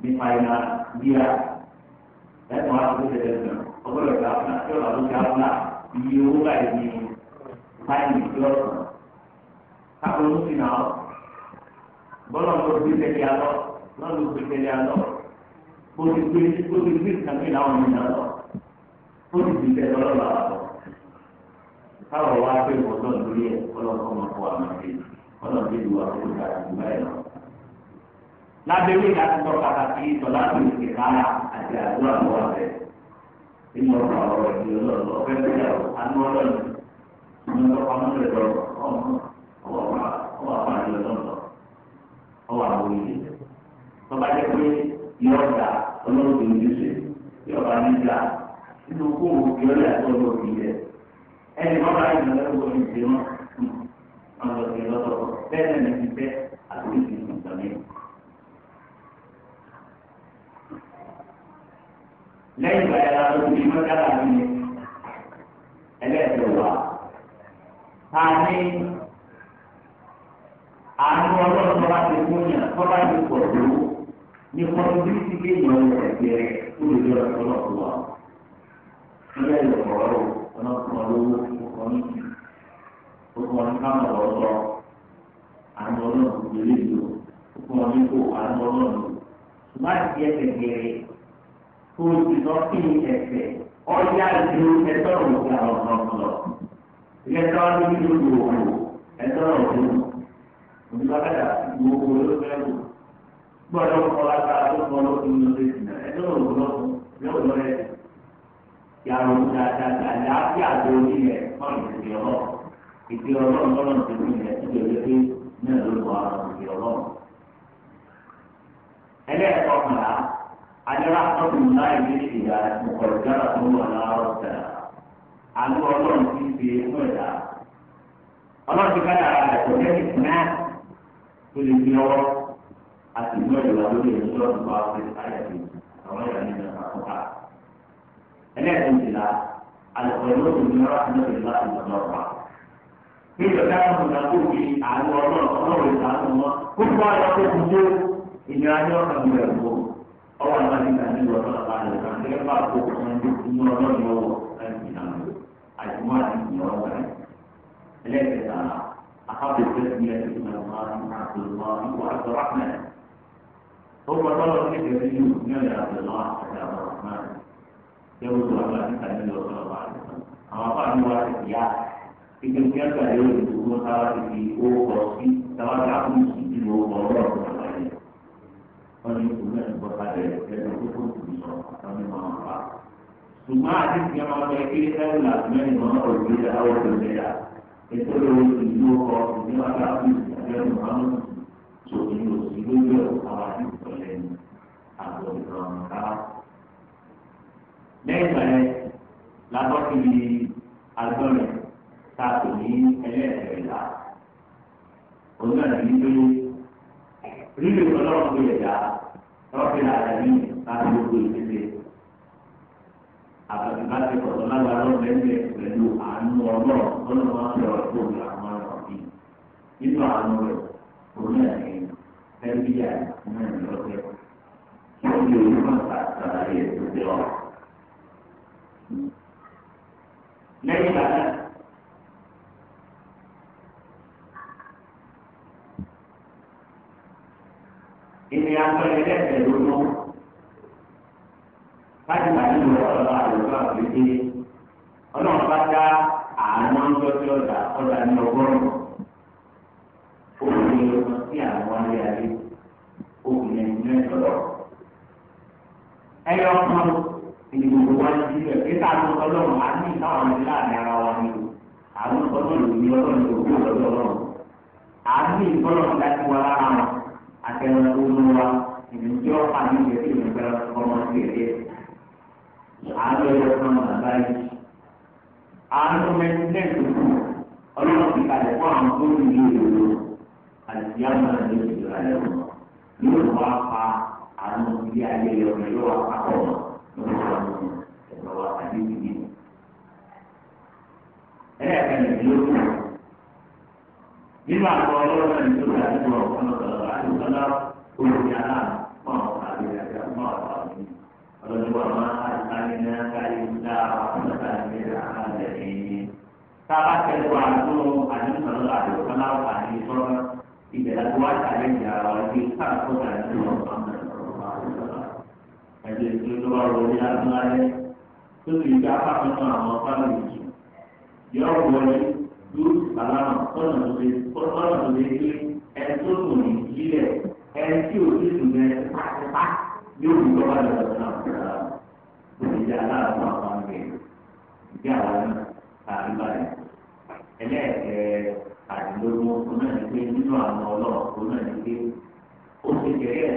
bí fàyínà bíyà ẹ̀sìn wa tó ṣe tẹ̀sán ọgbọ́dọ̀ ìgbà fúnà tí ọ̀là ló ga fúnà iye owó báyìí ní fáìlì tí ó sàn káfọ́ ló fi nà ọ́ bọ́lá ló fi tẹ̀lé alọ́ lọ́ọ́ ló fi tẹ̀lé alọ́ bó ti gbé bó ti gbé ìtàn káwọn wá pé ìwọ́sọ̀ lórí ẹ̀ ọlọ́kọ́ máa kọ́ àwọn ṣe ọlọ́dún ìlú àkókò dára jù báyìí lọ. lábẹ́rẹ́ láti tọ́ pàtàkì ìtọ́lá tó ń ṣe kára àti àdúrà lọ́wọ́ rẹ̀ nínú ọ̀rọ̀ ọ̀rọ̀ ìdí ọlọ́run ọ̀fẹ́ bẹ́ẹ̀ anú ọlọ́run ní ọkọ̀ amúlẹ̀ lọ́rọ̀ ọwọ́ àwọn àjọ lọ́rọ̀ ọwọ́ àwọn ilé tọ́ba jẹ́ pé yọ̀ọ̀dà ọlọ́run tó ń ṣe yọ̀ọ̀bà nígbà àtọ́jú òbí rẹ̀ ẹni wọn bá yìí lọ wọ ìgbé wọn wọn lọ sí lọ́tọ̀ bẹ́ẹ̀ ní ti fẹ́ àbúrò ti sùn sọ ní. lẹ́yìn ìgbà yàrá tó ti mọ dára mi ni ẹlẹ́ẹ̀kẹ́ wà á ní àánú ọlọ́run tó bá ti fún yàn tó bá ti pọ̀ tó ní pọ́ńbíìsì kéèyàn ẹ̀jẹ̀ tó lè lọ́ọ́ tó tó wà. ilé ìwọ̀n ọ̀rọ̀. ọ̀nà kan lówó ọ̀kan ní ọ̀kan ní kámọ̀ lọ́sọ̀ àwọn ọlọ́run kò lè lò ọ̀kan ní kò àwọn ọlọ́run ṣùgbọ́n àti ẹsẹ̀ gẹ̀rẹ̀ tó o ti lọ sí ẹsẹ̀ ọ̀yá ju ẹ̀tọ́ òkè àwọn ọ̀kan lọ ìgbẹ́tọ́ ní ìlú òkú ẹ̀tọ́ òkú òdìbàkàtà gbogbo olóògbé gbọ́dọ̀ kọ́ agbára tó kọ́ lókun lóṣèlú ya ronú dáadáa dáadáa àti àgbo onílẹ̀ fún ìdí ọlọ́run ìdí ọlọ́run lọ́rùn tó ní ilẹ̀ tó lè pé náà ló lọ́ àrùn ìdí ọlọ́run. ẹlẹ́ẹ̀kọ́kànlá adéra tọ́kùn láì ní ìyá ìkọ̀lùdára tó wà láàárọ̀ tẹ̀lá àlú ọlọ́run ti fi fún ẹ̀dá ọlọ́run ti kájà rẹ̀ kò jẹ́ ìpínlẹ̀ tó lè fi ọwọ́ àti ìmọ̀ ìlà lórí ìṣòro àti àwọn ìyá nínú àkọ́kọ́ ẹlẹ́ẹ̀kejìlá alùpùpù ní ọlọ́run ní ìlànà ìjọba nígbà tí a mú ìdàgbò fi àwọn ọlọ́run ọlọ́run ìsàánú wọn kó tó wá lọ kó tó ìnira ní ọ̀sán ìlú ẹ̀kọ́ ọwọ́ àwọn àti ìgbà nílùú ọlọ́run bá lè kàn kí ẹ bá kó ọmọ inú ọlọ́run lọ́wọ́ láti ìlànà àjùmọ́ àti ìyọ̀wọ́ rẹ̀ ẹlẹ́ẹ̀kẹta أخذ التسمية اسم الله عبد الله وعبد الرحمن هو طلب كثير من عبد الله عبد الرحمن yóò tó àwọn àtìkà nílò ọ̀sán ọ̀bà rẹ̀. àwọn afọ àmì wa ti yá ike ní ẹgbẹ́ rẹ̀ yóò tó wọ́n táwa ti fi owó kọ̀ sí táwa ti á kún sí ìlú owó kọ̀ ọ̀rọ̀ ọ̀sán ọ̀bà rẹ̀. wọ́n ní ìlú náà gbọ́ kalẹ̀ ẹgbẹ́ tó tó tó sọ àwọn mímọ́ wọn fa. ṣùgbọ́n àti ti ọmọ ọmọ ẹgbẹ́ sẹ́wọ̀n láti mẹ́rin mọ́ òṣèlú àwọn òṣèlú ètò ìlú ọkọ̀ ìlú ọkọ̀ ìlú ọkọ̀ tòun ní òsì lójú àwọn àdìsọ lẹ́nu àgbọ̀dọ̀ ọ̀nà káwá lẹ́yìn ìgbà yẹn làbọ̀ fi àgbọ̀n rẹ̀ ta kò ní ẹlẹ́ẹ̀kẹ̀rẹ̀ la òun náà ní pé rírì ọlọ́run tó yẹ dá ọ̀fìn ààrẹ ní láti gbogbo ìdílé àbàtì bá ti kọ̀tọ̀ lágbára lẹ́gbẹ̀ẹ́ pẹ̀lú àánú ọlọ́run ọlọ́run á sọ̀rọ̀ tó ń ra àwọn ọ̀rọ̀ yìí nínú àánú rẹ̀ òun náà ní ẹ̀rí àìsàn náà lọ́sẹ̀ kí ó lè rí mọ́ta sàlàyé tó dé ọ̀rọ̀ lẹ́yìn ìgbà náà. ìrìn àjọ ẹlẹ́sẹ̀ ló lọ láti bá ọ̀rọ̀ àlùkò àgbègbè ọlọ́run bá dá àánú ńlọ́jọ́ ọ̀dà ọ̀dà ní ọgọ́rùn-ún obìnrin lọ sí àwọn alẹ́ ayé obìnrin ní ẹ̀dọ́ ẹ̀yọ́ kan ìdìbò wa ti di bẹ́ẹ̀ kíkà ló ọlọ́run á ní ìtawà ní láàrin ara wa ni o àwọn ọlọ́run ní ọlọ́run tó kú lọ́dọ̀ ọlọ́run á ní ìtọ́lọ́run láti wá lára wọn àtẹnudọ́ tó ń wá ìdíjọ́ ọ̀pá ní ìgbésẹ̀ ìgbésẹ̀ ọmọ ìgbésẹ̀ àánú ẹ̀rọ kan bàbá yìí àánú mẹ́tẹ́ẹ̀ tó ọlọ́run ti kalẹ̀ fún àwọn tó ń yí èrò àti yàrá ní ìdúrà lẹ́wọ̀n ẹlẹ́ẹ̀kan nínú àgbọ̀ ọlọ́run náà nítorí àdúgbò ọ̀kan ọ̀sọ̀rọ̀ àdúgbò olùkí aláàbò fún àwọn àgbèrè àti àwọn àwọn àgbèrè ọlọ́dúnwó àwọn àtìkáyínà káyínà ọ̀sọ̀rọ̀ àgbèrè àgbèrè tába kẹ́kọ̀ọ́ àdúgbò àdúgbò àdúgbò kan láwọn àdúgbò ibẹ̀ láti wá sàlẹ̀ ìjà àwọn ẹgbẹ́ káàkó ẹ̀jẹ̀ tó tó bá wọlé lásán tó sì gba apákan àwọn fámìlì jù yọ wọlé tó àlámà kọ́nà tó lé kọ́nà tó lé pé ẹni tó ní ilẹ̀ ẹni ò sí sùn lẹ pátápá yóò wù tó bá lọ sọ́nà àkùrà ìjà aláàbò àwọn àgbẹ̀ ìjà àwọn àríwá rẹ̀ ẹlẹ́ẹ̀kẹ́ àdìlógún ọ̀nà ìgbé nínú àwọn ọlọ́ọ̀ ọ̀nà ìgbé ó ti kéré ẹ̀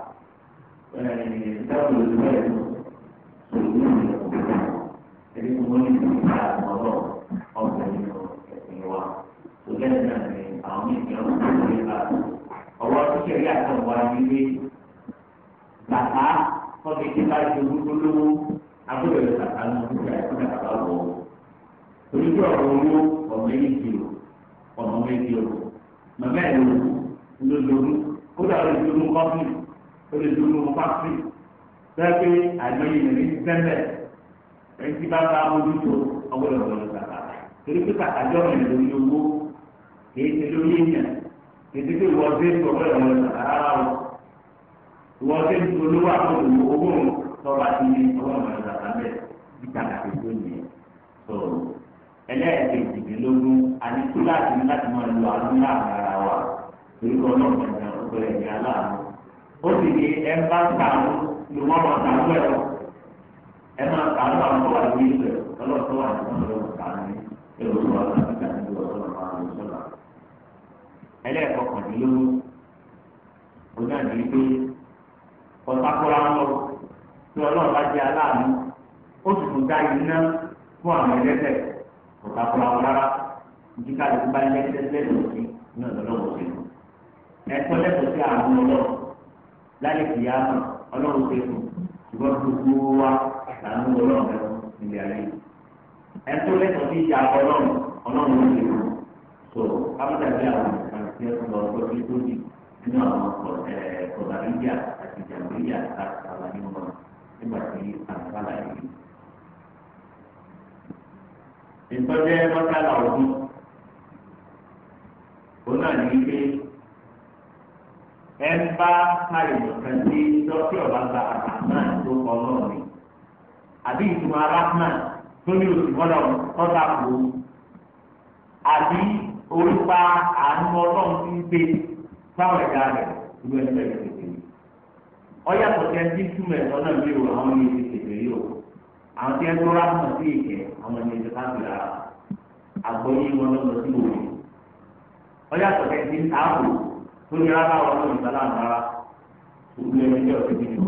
dáhùn lórí bẹ́ẹ̀ lọ sọ̀rọ̀ ní ìlú ọ̀gbìn ẹni tó wọ́n ní ìgbà àmọ́lọ́ ọ̀gbìn ẹ̀sìn wa tó bẹ́ẹ̀ náà ni àwọn ènìyàn ń bọ̀ ní ìgbà ọ̀rọ̀ tó kẹ̀rí àtọ̀wọ̀ ayé bàtà kọ́bi tí bá ti gbogbo lówó agbóyọ̀ bàtà ní ọdún ẹ̀kọ́ náà bá wọ̀ torí pé o lè dúró wọn fásitì bẹ́ẹ̀ pé àìmọye ìrìn ní sẹ́ńtẹ̀ ẹni tí bá bá mójútó ọwọ́ lọ́wọ́ lọ́wọ́ bàbá torí pé pàtàkì ọ̀rọ̀ ìlú ní owó kì í ṣe lórí èèyàn kì í ṣe pé ìwọ ọdẹ tó ọwọ́ lọ́wọ́ lọ́wọ́ rárá o ìwọ ọdẹ tó olówó àkọlù owó tọ́ba ti ní ọwọ́ lọ́wọ́ lọ́wọ́ bẹ́ẹ̀ bí kàkàkì tó nìyẹn sọ̀rọ̀ ẹlẹ́ẹ̀kejìdínlógún àti kíláàsì láti máa ó sì ní ẹ bá sàánú ni wọ́n máa sàánú ẹ̀ lọ. ẹ máa sàánú àwọn tó wà ní ìlú ẹ̀ ọlọ́ọ̀tọ́ wà ní ọ̀dọ́ sàánú ní èrò tó wà láti ká ní ọ̀dọ́ náà máa ń sọ̀rọ̀. ẹlẹ́ẹ̀kọkàndínlógún ó náà ní pé ọ̀sákúrá ń lọ tí ọlọ́run bá jẹ́ aláàánú ó sì tún dá iná fún àwọn ẹlẹ́sẹ̀ ọ̀sákúrá wọn rárá ìdíkàlù bá ń lẹ́sẹ̀ lẹ́sẹ̀ lọ́sí lálẹ́ kìyà mọ̀ ọlọ́run ṣe kù ṣùgbọ́n gbogbo wa là ń mú ọlọ́run rẹ níbi ayé ẹ tó lẹ́tọ̀ọ́ sí ìyá ọlọ́run ọlọ́run ló ṣe kù so kápẹ́tà bí àwọn àti ẹ̀sùn lọ sọ pé tó di nínú àwọn kọ̀dàríyà àti jàmbíyà àtàwọn onímọ̀ nígbà tí àǹfààní yìí. ìtọ́jú ẹ mọ́tàlá ọdún òun náà ní wípé ẹ ń bá káyọ̀ kan sí dọ́kítì ọ̀bá gba àkàtàn tó kọ́ náà ni àbí ìtumọ̀ arákùnrin tó ní oṣù mọ́lá ọ̀tá kù àbí orúkọ àánú ọlọ́run ti ń gbé fáwọn ẹ̀dá rẹ̀ ìlú ẹgbẹ́ rẹ̀ tètè yìí. ọyá tọ̀tẹ́ tí túmọ̀ ẹ̀tọ́ náà bí o àwọn ní ti tètè yìí o àwọn tí ẹ tó rákùnrin sí ìkẹ́ àwọn ní ti káàkiri ara wọn lọ́dọ̀ sí òwe. ọyá tọ̀tẹ́ tí ń ta àbò tó ní rárá àwọn ọmọ ìgbàlá rárá òkú ẹni jẹ́ òkú nínú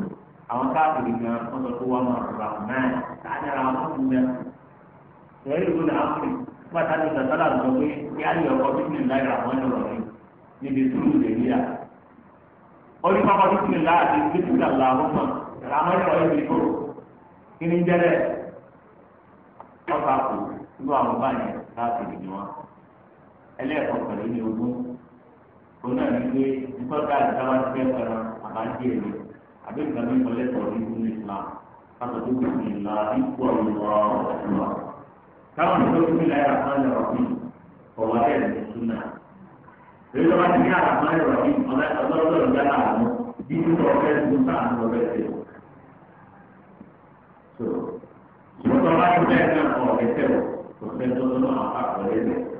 àwọn káàkiri gan wọ́n sọ pé wọ́n máa rà náà láàárín ara wọn fún mi. ẹ̀rí ìlú náà fi pátá ní ìgbàlá sọ pé kí á lè ọkọ bíbí náírà wọn lọ rẹ níbi túrú nàìjíríà. orí pápá bíbí náírà ti bíbí náírà wọn mọ̀ ràmọ́ ìrọ̀ ìbí tó kí ní jẹ́rẹ̀ ọ̀sà kù nínú àwọn báyìí káàkiri ni wọn ẹlẹ́ẹ̀kọ̀ọ̀kan ló ní ogún òun náà ní pé nígbàgbà ìjọba ti fẹ́ fẹ́ràn àbájẹ́ èlò àbí ìgbàgbé ìmọ̀lẹ́tọ̀ ní ìlú Islam káàtó tó kù sí ìlà ipò ọ̀rọ̀ ọ̀rọ̀ káwọn tó kù sí láyà àpáńlẹ̀ ọ̀bí ọ̀wá ẹ̀ ní súnà. èyí ti ní àpáńlẹ̀ ọ̀bí ọlọ́dọ̀ọ̀dọ̀ yára àwọn bí nípa ọ̀fẹ́ tó sáà ń lọ bẹ́ẹ̀ tẹ̀. ṣùgbọ́n tó ti bẹ́ẹ̀ náà kọ̀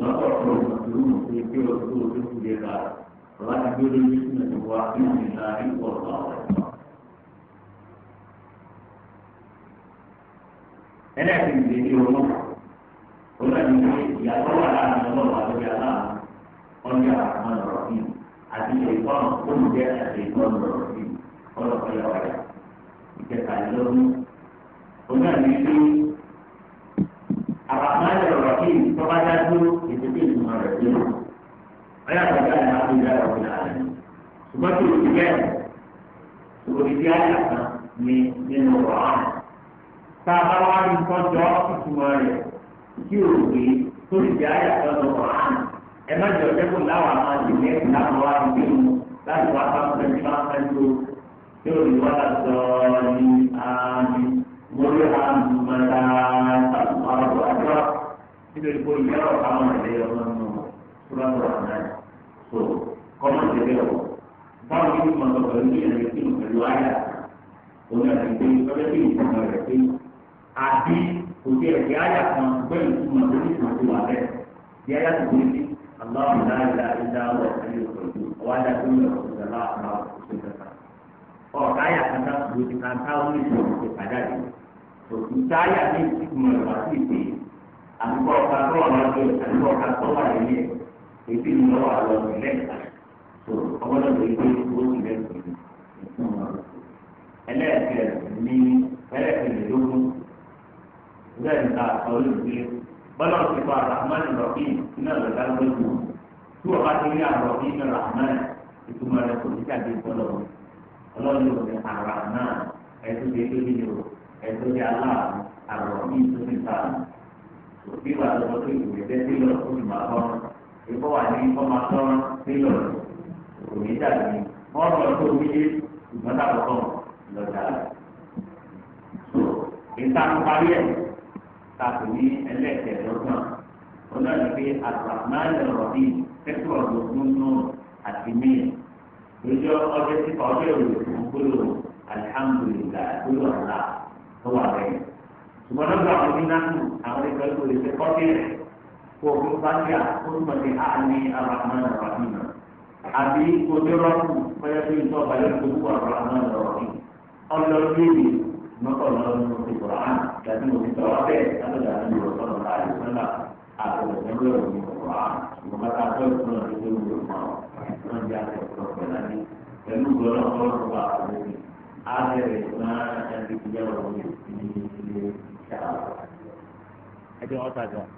lọ́pọ̀ tó ìlú òfin kí o tó o tó kù lè ba ọ̀la ti gbé lórí ìsúná tó wá kí o lè ta ipò ọ̀la ọ̀rẹ́ náà. ẹlẹ́sìn ìdè ní ọmọ olóyìn ní ìyàtọ̀ wà láàrin ọlọ́wà lórí aláàánú ọjà àwọn ọ̀rọ̀ yìí àti yìí tọ́ba dájú ìdíje ìtumọ̀ rẹ̀ sí i. ọ̀yà àgbàdo àti àwọn ìlú ẹ̀rọ ìlú àlẹ́. ṣùgbọ́n tí o ti bẹ́ẹ̀ òbí tí a yà kan ní nínú ọ̀rọ̀ àná. tá a bá wá ní tọ́jọ́ ìtumọ̀ rẹ̀ kí o gbé tó ti di àyà kan lọ ọ̀rọ̀ àná. ẹ má jọ jẹ́ kó láwọn àwọn àdìgbẹ́ láwọn wá ní bí mu láti wá bá fẹ́ bí wá fẹ́ tó tí o lè wá lọ ní àmì mo rí àmì mọ́ta àti àwọn àdìgbẹ́ nítorí pé ìyára ọ̀pá wọn rẹ̀ lẹ́yìn ọmọ nù túbàbù àná tó kọ́mọ̀ tẹ̀lé ọ̀ báwo ni mo sọ pẹ̀lú ìyẹn rẹ̀ kí mo pẹ̀lú àyà òun àti pé ọjọ́ tí ìtumọ̀ rẹ̀ pé àbí òkè ẹ̀kẹ́ àyà kan gbẹ̀yìn ìtumọ̀ tó ní ìtumọ̀ tó wà bẹ́ẹ̀ di àyà tó gbé sí aláwọ̀ láìla ìdáwọ̀ ẹ̀yọ̀ pẹ̀lú ọwọ́ adá tó ń lọ ìdàlá àtúkọ̀ ọ̀ka tó wà lọ́dún àtúkọ̀ ọ̀ka tó wà lẹ́yìn ètí ìlọ́wọ́ àlọ́ ìlẹ̀ tó ọgbọ́dọ̀ tó gbé owó ìlẹ̀ tó ẹlẹ́ẹ̀kẹ́ ní ẹlẹ́ẹ̀kẹ́lélógún bẹ́ẹ̀ níta ọlọ́dún bọ́lá ti kọ́ àràmánì rọ̀bì iná lọ́dá lójú tí wọ́n bá ti rí àrọ̀bì iná ràmánì ìtumọ̀ rẹ̀ kò ní jáde bọ́lọ̀ ọlọ́dún ò bí wàá lọ sí ìwé jẹ́ nílò olùmọ̀ àtọ́rọ́ ìfọ́ wà ní ọmọ àtọ́rọ́ nílò òní dàbí wọ́n lọ sí omíyé ìgbọ́n dàbọ̀tọ̀ lọ́jà rẹ̀. ìtàn parí ẹ̀ tàbí ní ẹlẹ́ẹ̀kẹ́dọ́gbọ̀n olóògbé àtàkùnmáyé ọ̀rọ̀ bíi tẹ́kọ̀ ọ̀dọ́gbọ̀n náà àti míì lójú ọjọ́ tí ọjọ́ ìròyìn fún gbólóhùn alihamudulilayi gbólóhùn náà tó wà lẹ́yìn ṣùgbọ́n lọ́gbà tó ní náà àwọn ẹgbẹ́ tó lè fẹ́ kọ́tí rẹ̀ kó o fún fájà ó túmọ̀ sí àmì arahman rahim àbí kojú rọ́ọ̀kù fẹ́yẹ́ tó ń tọ́ balẹ̀ kojú arahman rahim ọlọ́ọ̀lẹ́bí mọ́kànlélọ́ọ̀nù ti kọ̀ án láti mọ̀ nípa wá bẹ́ẹ̀ látọ̀dá ní ìrọ̀sọ̀rọ̀ láàyè sọ́là àtọ̀lẹ̀dẹ́gbẹ̀rẹ̀ òní ọ̀rọ̀ án ìgbọ̀nba tá a tọ́ ìfúnná tó tó wúlò fún ọ náà jẹ́ àtọ̀tọ̀ pẹ̀lá ní pẹ̀lú ìgbọ̀nà ọlọ́run bá àwọn ọmọ mi á bẹ̀rẹ̀ fún أجل أوصى جواب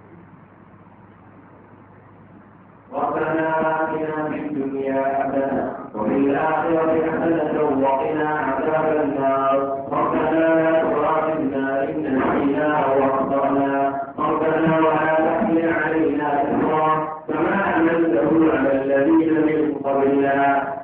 ربنا آتنا في الدنيا حسنة وفي الآخرة حسنة وقنا عذاب النار ربنا لا تؤاخذنا إن نسينا أو أخطأنا ربنا ولا تحمل علينا إصرا كما حملته على الذين من قبلنا